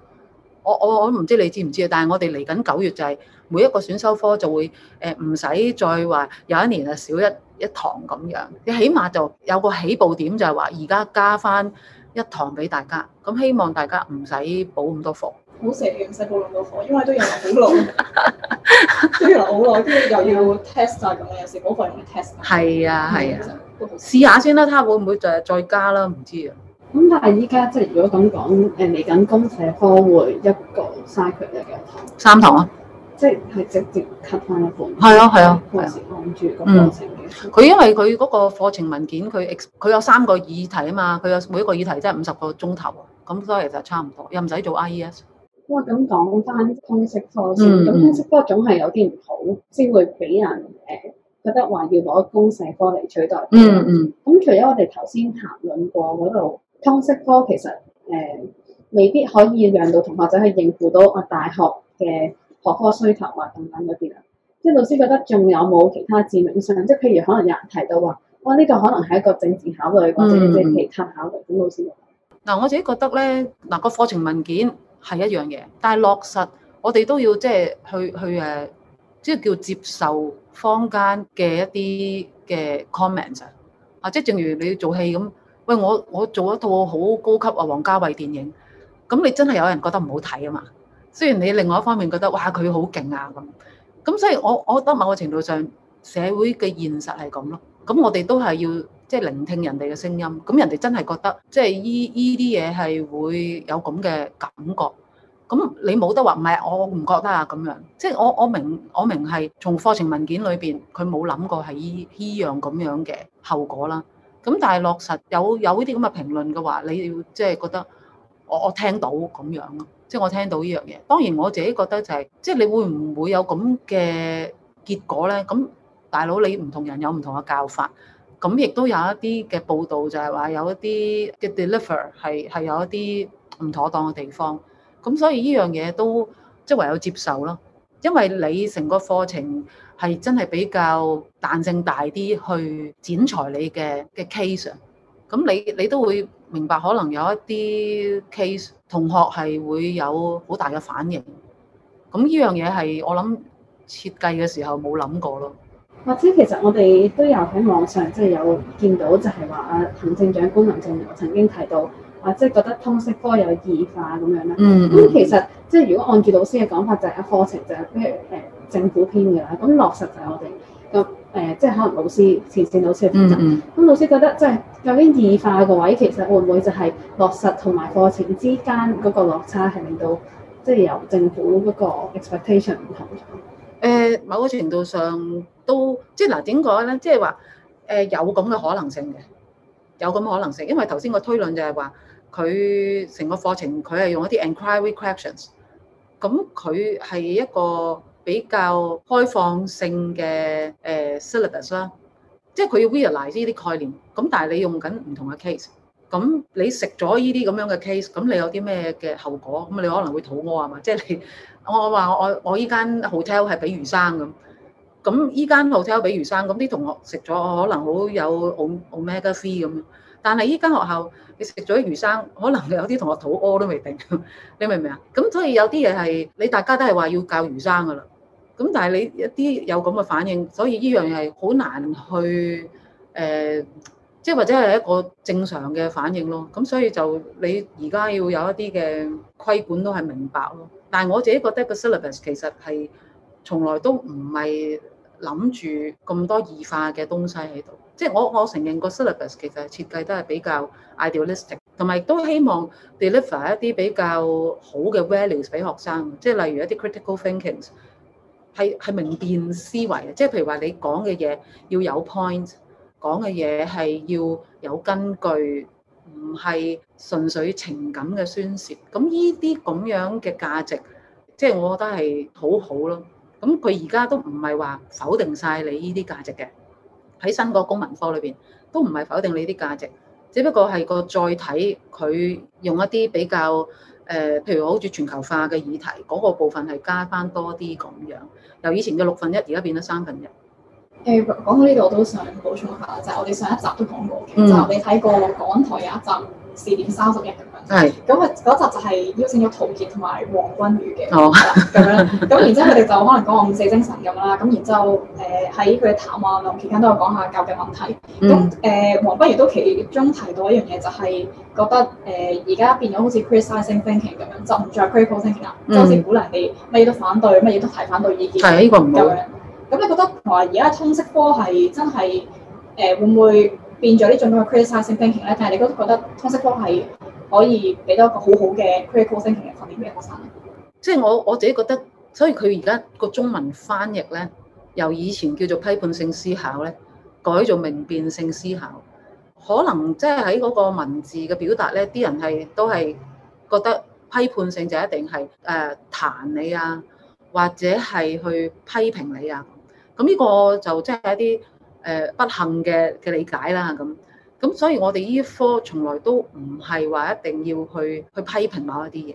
我我我都唔知你知唔知啊？但係我哋嚟緊九月就係每一個選修科就會誒唔使再話有一年啊少一一堂咁樣，你起碼就有個起步點就係話而家加翻。一堂俾大家，咁希望大家唔使補咁多課，好成日唔使補咁多課，因為都留好耐，都留好耐，跟住又要 test 啊，咁有時補課又要 test。係啊，係、嗯、啊，試下先啦，睇下會唔會就係再加啦，唔知啊。咁但係依家即係如果咁講，誒嚟緊公社科會一個 schedule 一堂，三堂啊。即係直接 cut 翻一半，係啊，係啊，當、啊、時住個佢，嗯、因為佢嗰個課程文件佢，佢有三個議題啊嘛，佢有每一個議題即係五十個鐘頭，咁所以其實差唔多又唔使做 IES、哦。我咁講翻通識科先，咁通識科總係有啲唔好，先、嗯、會俾人誒覺得話要攞公社科嚟取代嗯。嗯嗯。咁除咗我哋頭先談論過嗰度通識科，其實誒、呃、未必可以讓到同學仔去應付到我大學嘅。學科需求啊，等等嗰啲啊，即係老師覺得仲有冇其他字面上，即係譬如可能有人提到話，哇呢、這個可能係一個政治考慮，或者係其他考慮，咁、嗯、老師嗱、啊、我自己覺得咧，嗱個課程文件係一樣嘢，但係落實我哋都要即係去去誒，即、啊、係、就是、叫接受坊間嘅一啲嘅 comments 啊，即係正如你做戲咁，喂我我做一套好高級啊，王家衞電影，咁你真係有人覺得唔好睇啊嘛～雖然你另外一方面覺得哇佢好勁啊咁，咁所以我我覺得某個程度上社會嘅現實係咁咯，咁我哋都係要即係、就是、聆聽人哋嘅聲音，咁人哋真係覺得即係依依啲嘢係會有咁嘅感覺，咁你冇得話唔係我唔覺得啊咁樣，即、就、係、是、我我明我明係從課程文件裏邊佢冇諗過係依依樣咁樣嘅後果啦，咁但係落實有有啲咁嘅評論嘅話，你要即係覺得我我聽到咁樣咯。即係我聽到呢樣嘢，當然我自己覺得就係，即係你會唔會有咁嘅結果呢？咁大佬你唔同人有唔同嘅教法，咁亦都有一啲嘅報道就係話有一啲嘅 deliver 係係有一啲唔妥當嘅地方，咁所以呢樣嘢都即係唯有接受咯，因為你成個課程係真係比較彈性大啲去剪裁你嘅嘅 case 上，咁你你都會。明白，可能有一啲 case 同學係會有好大嘅反應，咁呢樣嘢係我諗設計嘅時候冇諗過咯。或者其實我哋都有喺網上即係有見到，就係話啊行政長官林鄭曾經提到，或、就、者、是、覺得通識科有異化咁樣咧。嗯，嗯，嗯。咁其實即係、就是、如果按住老師嘅講法就一，就係課程就係啲誒政府編嘅啦，咁落實就係我哋誒，即係可能老師前線老師嘅負責，咁、嗯嗯、老師覺得即係、就是、究竟二化個位，其實會唔會就係落實同埋課程之間嗰個落差，係令到即係、就是、由政府嗰個 expectation 唔同咗？誒，某個程度上都即係嗱點講咧，即係話誒有咁嘅可能性嘅，有咁嘅可能性，因為頭先個推論就係話佢成個課程佢係用一啲 enquiry corrections 咁佢係一個。比較開放性嘅誒、uh, syllabus 啦，即係佢要 realize 呢啲概念。咁但係你用緊唔同嘅 case，咁你食咗呢啲咁樣嘅 case，咁你有啲咩嘅後果？咁你可能會肚屙啊嘛。即係你我話我我依間 hotel 係俾魚生咁，咁依間 hotel 俾魚生，咁啲同學食咗可能好有 o, omega three 咁。但係依間學校你食咗魚生，可能你有啲同學肚屙都未定。你明唔明啊？咁所以有啲嘢係你大家都係話要教魚生噶啦。咁但係你一啲有咁嘅反應，所以呢樣嘢係好難去誒、呃，即係或者係一個正常嘅反應咯。咁所以就你而家要有一啲嘅規管都係明白咯。但係我自己覺得個 syllabus 其實係從來都唔係諗住咁多異化嘅東西喺度，即係我我承認個 syllabus 其實設計都係比較 idealistic，同埋都希望 deliver 一啲比較好嘅 values 俾學生，即係例如一啲 critical thinkings。係係明辨思維嘅，即係譬如話你講嘅嘢要有 point，講嘅嘢係要有根據，唔係純粹情感嘅宣泄。咁呢啲咁樣嘅價值，即係我覺得係好好咯。咁佢而家都唔係話否定晒你呢啲價值嘅，喺新個公民科裏邊都唔係否定你啲價值，只不過係個載體，佢用一啲比較。誒、呃，譬如好似全球化嘅議題，嗰、那個部分係加翻多啲咁樣，由以前嘅六分一而家變咗三分一。誒、欸，講到呢度我都想補充下，就係、是、我哋上一集都講過嘅，嗯、就你睇過港台有一集。四點三十一咁樣，係咁啊，嗰集就係邀請咗陶傑同埋黃君瑜嘅，咁、哦、樣咁 然之後佢哋就可能講五四精神咁啦，咁然之後誒喺佢嘅談話嘅期間都有講下教育問題，咁誒黃君瑜都其中提到一樣嘢就係覺得誒而家變咗好似 criticizing thinking 咁樣，就唔再 critical thinking 啦。嗯、就係鼓勵啲乜嘢都反對，乜嘢都提反對意見、嗯，係呢依個唔夠。咁你覺得話而家通識科係真係誒會唔會？變咗呢種嘅 critical thinking 咧，但係你都覺得通識科係可以俾到一個好好嘅 critical thinking 嘅訓練嘅學生。即係我我自己覺得，所以佢而家個中文翻譯咧，由以前叫做批判性思考咧，改做明辨性思考，可能即係喺嗰個文字嘅表達咧，啲人係都係覺得批判性就一定係誒、呃、彈你啊，或者係去批評你啊。咁呢個就即係一啲。誒，不幸嘅嘅理解啦咁，咁所以我哋呢一科從來都唔係話一定要去去批評某一啲嘢，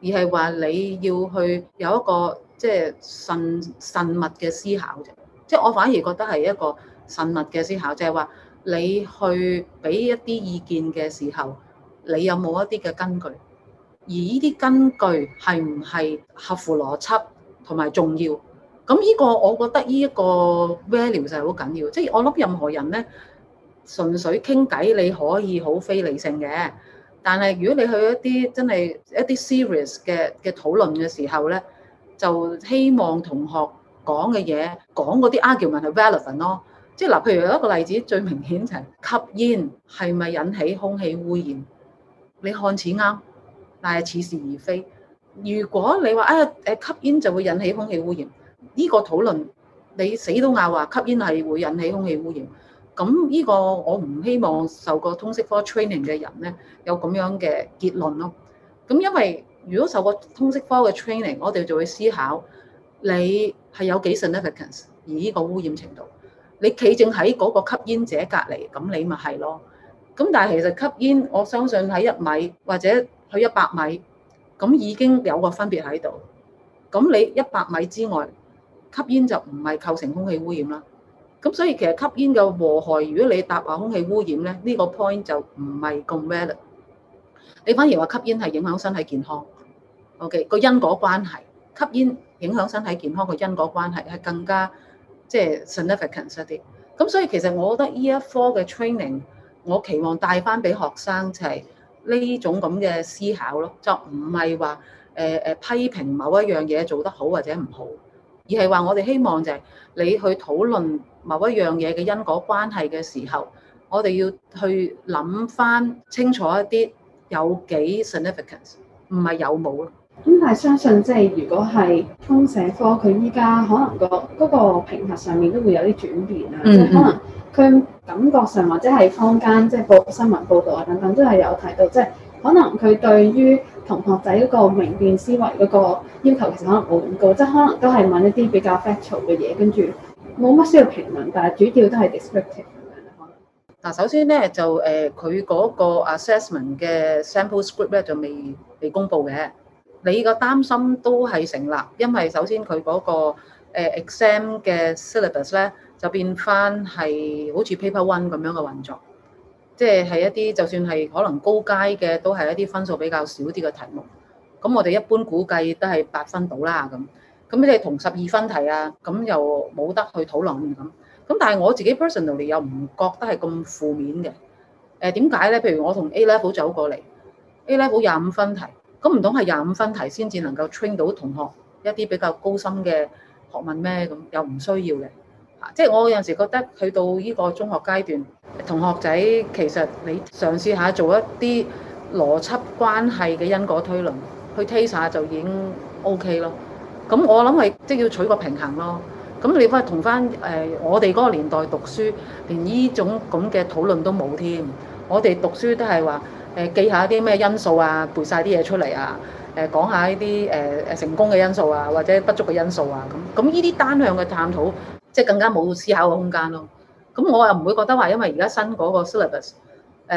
而係話你要去有一個即係慎慎密嘅思考啫。即係我反而覺得係一個慎密嘅思考，就係話你去俾一啲意見嘅時候，你有冇一啲嘅根據？而呢啲根據係唔係合乎邏輯同埋重要？咁依個，我覺得依一個 value 就係好緊要。即係我諗任何人咧，純粹傾偈你可以好非理性嘅，但係如果你去一啲真係一啲 serious 嘅嘅討論嘅時候咧，就希望同學講嘅嘢講嗰啲 argument 係 relevant 咯。即係嗱，譬如有一個例子最明顯就係吸煙係咪引起空氣污染？你看似啱，但係似是而非。如果你話啊誒吸煙就會引起空氣污染。呢個討論，你死都拗話吸煙係會引起空氣污染。咁呢個我唔希望受過通識科 training 嘅人呢有咁樣嘅結論咯。咁因為如果受過通識科嘅 training，我哋就會思考你係有幾 significance 而呢個污染程度。你企正喺嗰個吸煙者隔離，咁你咪係咯。咁但係其實吸煙，我相信喺一米或者去一百米，咁已經有個分別喺度。咁你一百米之外。吸煙就唔係構成空氣污染啦，咁所以其實吸煙嘅禍害，如果你答話空氣污染咧，呢個 point 就唔係咁 valid。你反而話吸煙係影響身體健康，ok 個因果關係，吸煙影響身體健康個因果關係係更加即係 significant 一啲。咁所以其實我覺得呢一科嘅 training，我期望帶翻俾學生就係呢種咁嘅思考咯，就唔係話誒誒批評某一樣嘢做得好或者唔好。而係話，我哋希望就係你去討論某一樣嘢嘅因果關係嘅時候，我哋要去諗翻清楚一啲有幾 significance，唔係有冇咯。咁、嗯嗯、但係相信即係如果係通識科，佢依家可能個嗰個評核上面都會有啲轉變啊，即係、嗯嗯、可能佢感覺上或者係坊間即係、就是、報道新聞報導啊等等，都係有提到即係。就是可能佢對於同學仔嗰個明辨思維嗰個要求其實可能冇咁高，即係可能都係問一啲比較 factual 嘅嘢，跟住冇乜需要評論，但係主要都係 descriptive 咁樣咯。嗱，首先咧就誒佢嗰個 assessment 嘅 sample script 咧就未未公布嘅，你個擔心都係成立，因為首先佢嗰個誒 exam 嘅 syllabus 咧就變翻係好似 paper one 咁樣嘅運作。即係一啲，就算係可能高階嘅，都係一啲分數比較少啲嘅題目。咁我哋一般估計都係八分到啦咁。咁即同十二分題啊，咁又冇得去討論咁。咁但係我自己 personally 又唔覺得係咁負面嘅。誒點解呢？譬如我同 A level 走過嚟 ，A level 廿五分題，咁唔通係廿五分題先至能夠 train 到同學一啲比較高深嘅學問咩？咁又唔需要嘅。即係我有陣時覺得去到呢個中學階段，同學仔其實你嘗試下做一啲邏輯關係嘅因果推論，去 test 下就已經 OK 咯。咁我諗係即係要取個平衡咯。咁你翻同翻誒我哋嗰個年代讀書，連呢種咁嘅討論都冇添。我哋讀書都係話誒記下啲咩因素啊，背晒啲嘢出嚟啊，誒講下呢啲誒誒成功嘅因素啊，或者不足嘅因素啊咁。咁呢啲單向嘅探討。即係更加冇思考嘅空間咯。咁我又唔會覺得話，因為而家新嗰個 syllabus，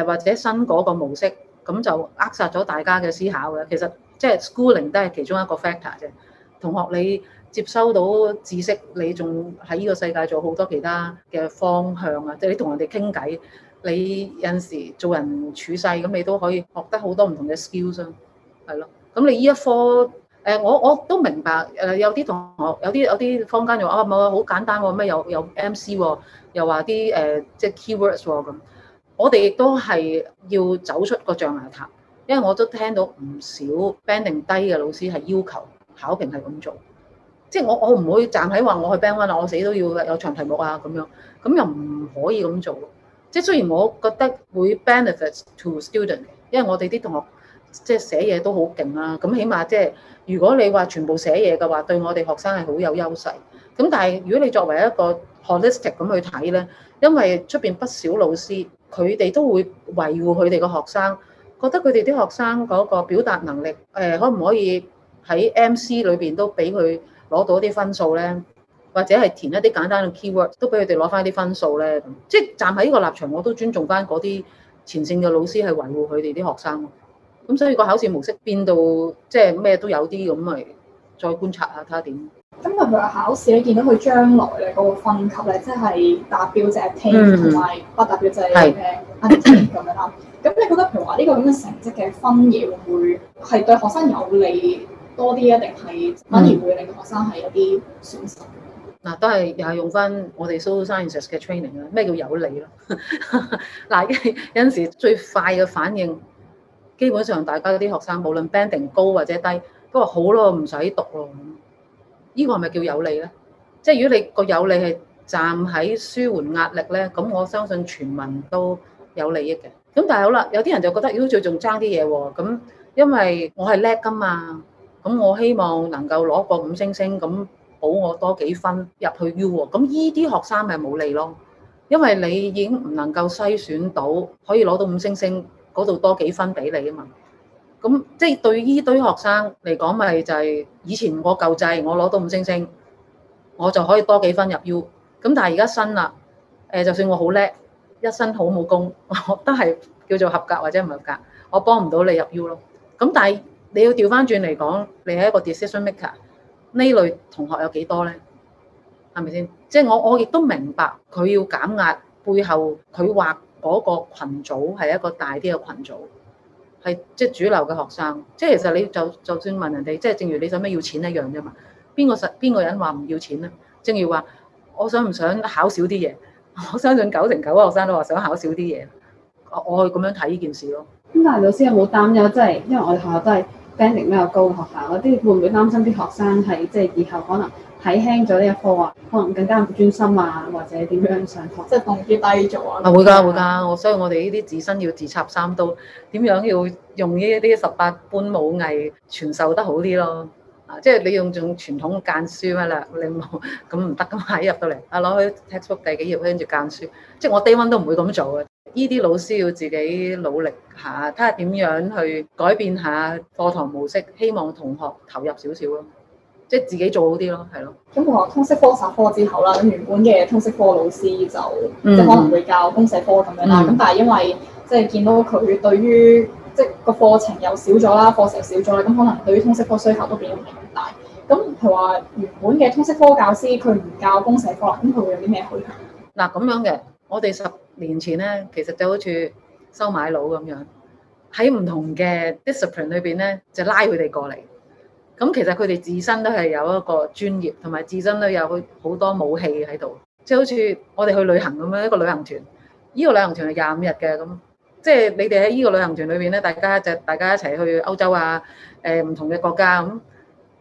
或者新嗰個模式，咁就扼殺咗大家嘅思考嘅。其實即係、就是、schooling 都係其中一個 factor 啫。同學，你接收到知識，你仲喺呢個世界做好多其他嘅方向啊！即、就、係、是、你同人哋傾偈，你有陣時做人處世，咁你都可以學得好多唔同嘅 skills 咯。係咯，咁你呢一科。誒我我都明白，誒有啲同學，有啲有啲坊間就話啊冇好簡單喎、啊，咩有有 MC 喎、啊，又話啲誒即係、呃就是、keywords 喎、啊、咁。我哋亦都係要走出個象牙塔，因為我都聽到唔少 banding 低嘅老師係要求考評係咁做，即係我我唔可站喺話我去 band o n 我死都要有長題目啊咁樣，咁又唔可以咁做。即係雖然我覺得會 benefits to student，因為我哋啲同學。即係寫嘢都好勁啦。咁起碼即係如果你話全部寫嘢嘅話，對我哋學生係好有優勢。咁但係如果你作為一個 holistic 咁去睇呢，因為出邊不少老師佢哋都會維護佢哋嘅學生，覺得佢哋啲學生嗰個表達能力誒、呃，可唔可以喺 MC 裏邊都俾佢攞到啲分數呢？或者係填一啲簡單嘅 keyword 都俾佢哋攞翻啲分數呢？即係站喺呢個立場，我都尊重翻嗰啲前線嘅老師係維護佢哋啲學生。咁所以個考試模式變到即係咩都有啲咁，咪再觀察下睇下點。咁譬、嗯、如話考試，你見到佢將來咧嗰個分級咧，即係達標制 A 同埋不達標制誒 A 咁樣啦。咁是、嗯、你覺得譬如話呢個咁嘅成績嘅分嘢會唔會係對學生有利多啲，定係反而會令學生係有啲損失？嗱、嗯嗯，都係又係用翻我哋 social sciences 嘅 training 啊。咩叫有利咯？嗱 有陣時最快嘅反應。基本上大家啲學生無論 banding 高或者低，都話好咯，唔使讀咯。依個係咪叫有利咧？即係如果你個有利係站喺舒緩壓力咧，咁我相信全民都有利益嘅。咁但係好啦，有啲人就覺得，妖最仲爭啲嘢喎。咁因為我係叻㗎嘛，咁我希望能夠攞個五星星，咁補我多幾分入去 U 喎。咁依啲學生咪冇利咯，因為你已經唔能夠篩選到可以攞到五星星。嗰度多幾分俾你啊嘛，咁即係對於呢堆學生嚟講，咪就係以前我舊制，我攞到五星星，我就可以多幾分入 U。咁但係而家新啦，誒就算我好叻，一身好武功，我都係叫做合格或者唔合格，我幫唔到你入 U 咯。咁但係你要調翻轉嚟講，你係一個 decision maker，呢類同學有幾多咧？係咪先？即係我我亦都明白佢要減壓，背後佢話。嗰個羣組係一個大啲嘅群組，係即係主流嘅學生，即係其實你就就算問人哋，即係正如你想咩要錢一樣啫嘛。邊個想邊個人話唔要錢啊？正如話，我想唔想考少啲嘢？我相信九成九嘅學生都話想考少啲嘢。我我去咁樣睇呢件事咯。咁但係老師有冇擔憂？即係因為我哋學校都係。比較高嘅學校，嗰啲會唔會擔心啲學生係即係以後可能睇輕咗呢一科啊？可能更加唔專心啊，或者點樣上堂，即係放啲低做啊。啊，會㗎，會㗎，我所以我哋呢啲自身要自插三刀，點樣要用呢啲十八般武藝傳授得好啲咯？啊，即係你用仲傳統間書啊啦？你冇咁唔得㗎嘛！一入到嚟啊，攞佢 textbook 第幾頁跟住間書，即係我低 a 都唔會咁做嘅。呢啲老師要自己努力下，睇下點樣去改變下課堂模式，希望同學投入少少咯，即係自己做好啲咯，係咯。咁話通識科殺科之後啦，咁原本嘅通識科老師就即可能會教公社科咁樣啦。咁但係因為即係見到佢對於即係個課程又少咗啦，課程少咗啦，咁可能對於通識科需求都變得唔係咁大。咁譬如話原本嘅通識科教師佢唔教公社科，咁佢會有啲咩配合？嗱咁、啊、樣嘅。我哋十年前呢，其實就好似收買佬咁樣，喺唔同嘅 discipline 裏邊呢，就拉佢哋過嚟。咁其實佢哋自身都係有一個專業，同埋自身都有好多武器喺度。即係好似我哋去旅行咁樣，一個旅行團，呢、呢個旅行團係廿五日嘅咁，即係你哋喺呢個旅行團裏邊呢，大家就大家一齊去歐洲啊，誒、呃、唔同嘅國家咁。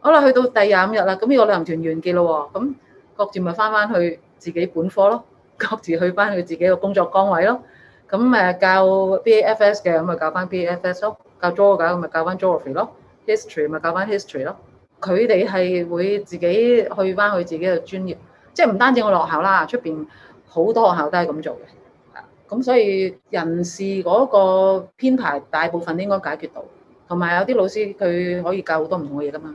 好啦，去到第廿五日啦，咁呢個旅行團完結咯喎，咁各自咪返返去自己本科咯。各自去翻佢自己嘅工作崗位咯，咁誒教，教 B A F S 嘅咁咪教翻 B A F S 咯，教 Geography 嘅咁咪教翻 Geography 咯，History 咪教翻 History 咯，佢哋係會自己去翻佢自己嘅專業，即係唔單止我學校啦，出邊好多學校都係咁做嘅，咁所以人事嗰個編排大部分應該解決到，同埋有啲老師佢可以教好多唔同嘅嘢㗎嘛。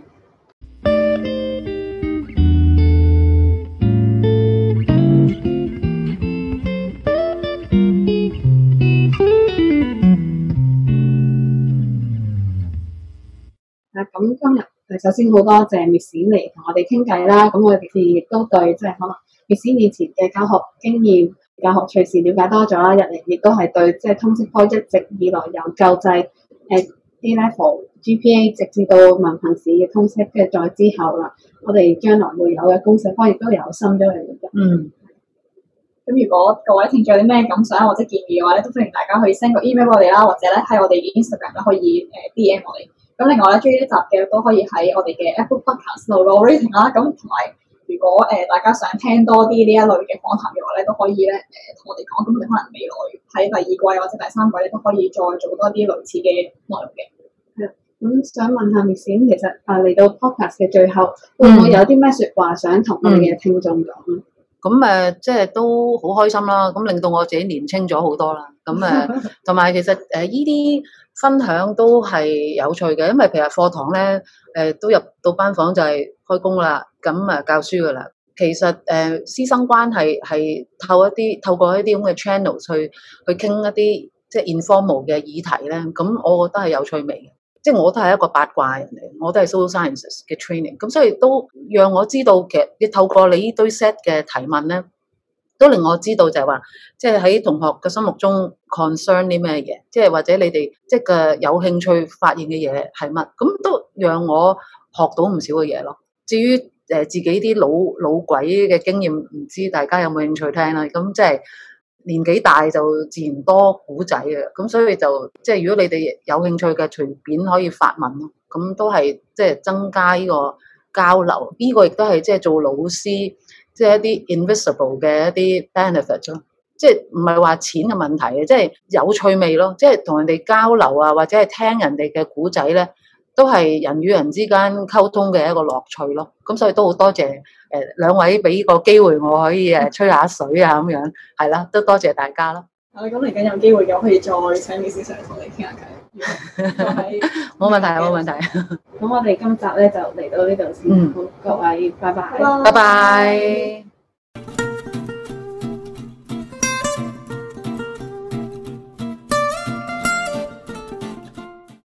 咁今日誒，首先多、就是、好多謝 Miss 嚟同我哋傾偈啦。咁我哋平時亦都對即係可能 Miss 你以前嘅教學經驗、教學趣事了解多咗啦。日嚟亦都係對即係、就是、通識科一直以來由舊制誒 A-Level、呃、GPA 直至到文憑試嘅通識，跟住再之後啦，我哋將來會有嘅公式科亦都有心咗嚟嘅。嗯，咁如果各位聽眾有啲咩感想或者建議嘅話咧，都歡迎大家去 send 個 email 俾我哋啦，或者咧喺我哋嘅 Instagram 都可以誒 D M 我哋。咁另外咧，中意呢集嘅都可以喺我哋嘅 Apple Podcast 度攞 rating 啦。咁同埋，如果誒、呃、大家想聽多啲呢一類嘅訪談嘅話咧，都可以咧誒同我哋講。咁你可能未來喺第二季或者第三季都可以再做多啲類似嘅內容嘅。係啊，咁想問下 Miss Ng 其實啊嚟到 Podcast 嘅最後，會唔會有啲咩説話想同我哋嘅聽眾講？咁誒，即係都好開心啦。咁令到我自己年輕咗好多啦。咁、嗯、誒，同埋其實誒依啲。分享都係有趣嘅，因為其實課堂咧，誒、呃、都入到班房就係開工啦，咁啊教書噶啦。其實誒師、呃、生關係係透，透過一啲透過一啲咁嘅 channel 去去傾一啲即係 informal 嘅議題咧。咁我覺得係有趣味嘅，即係我都係一個八卦人嚟，我都係 social sciences 嘅 training，咁所以都讓我知道其實你透過你呢堆 set 嘅提問咧。都令我知道就係話，即係喺同學嘅心目中 concern 啲咩嘢，即係，或者你哋即係嘅有興趣發現嘅嘢係乜，咁都讓我學到唔少嘅嘢咯。至於誒自己啲老老鬼嘅經驗，唔知大家有冇興趣聽咧？咁即係年紀大就自然多古仔嘅，咁所以就即係，如果你哋有興趣嘅，隨便可以發問咯。咁都係即係增加呢個交流，呢個亦都係即係做老師。即係一啲 invisible 嘅一啲 benefit 咯，即係唔係話錢嘅問題嘅，即係有趣味咯，即係同人哋交流啊，或者係聽人哋嘅古仔咧，都係人與人之間溝通嘅一個樂趣咯。咁、嗯、所以都好多謝誒、呃、兩位俾個機會我可以誒、啊、吹下水啊咁樣，係啦、啊，都多謝大家咯。啊、 嗯，咁嚟緊有機會嘅可以再請你小生同你傾下偈。冇問題，冇問題。咁我哋今集咧就嚟到呢度先。嗯，好，各位，拜拜。拜拜。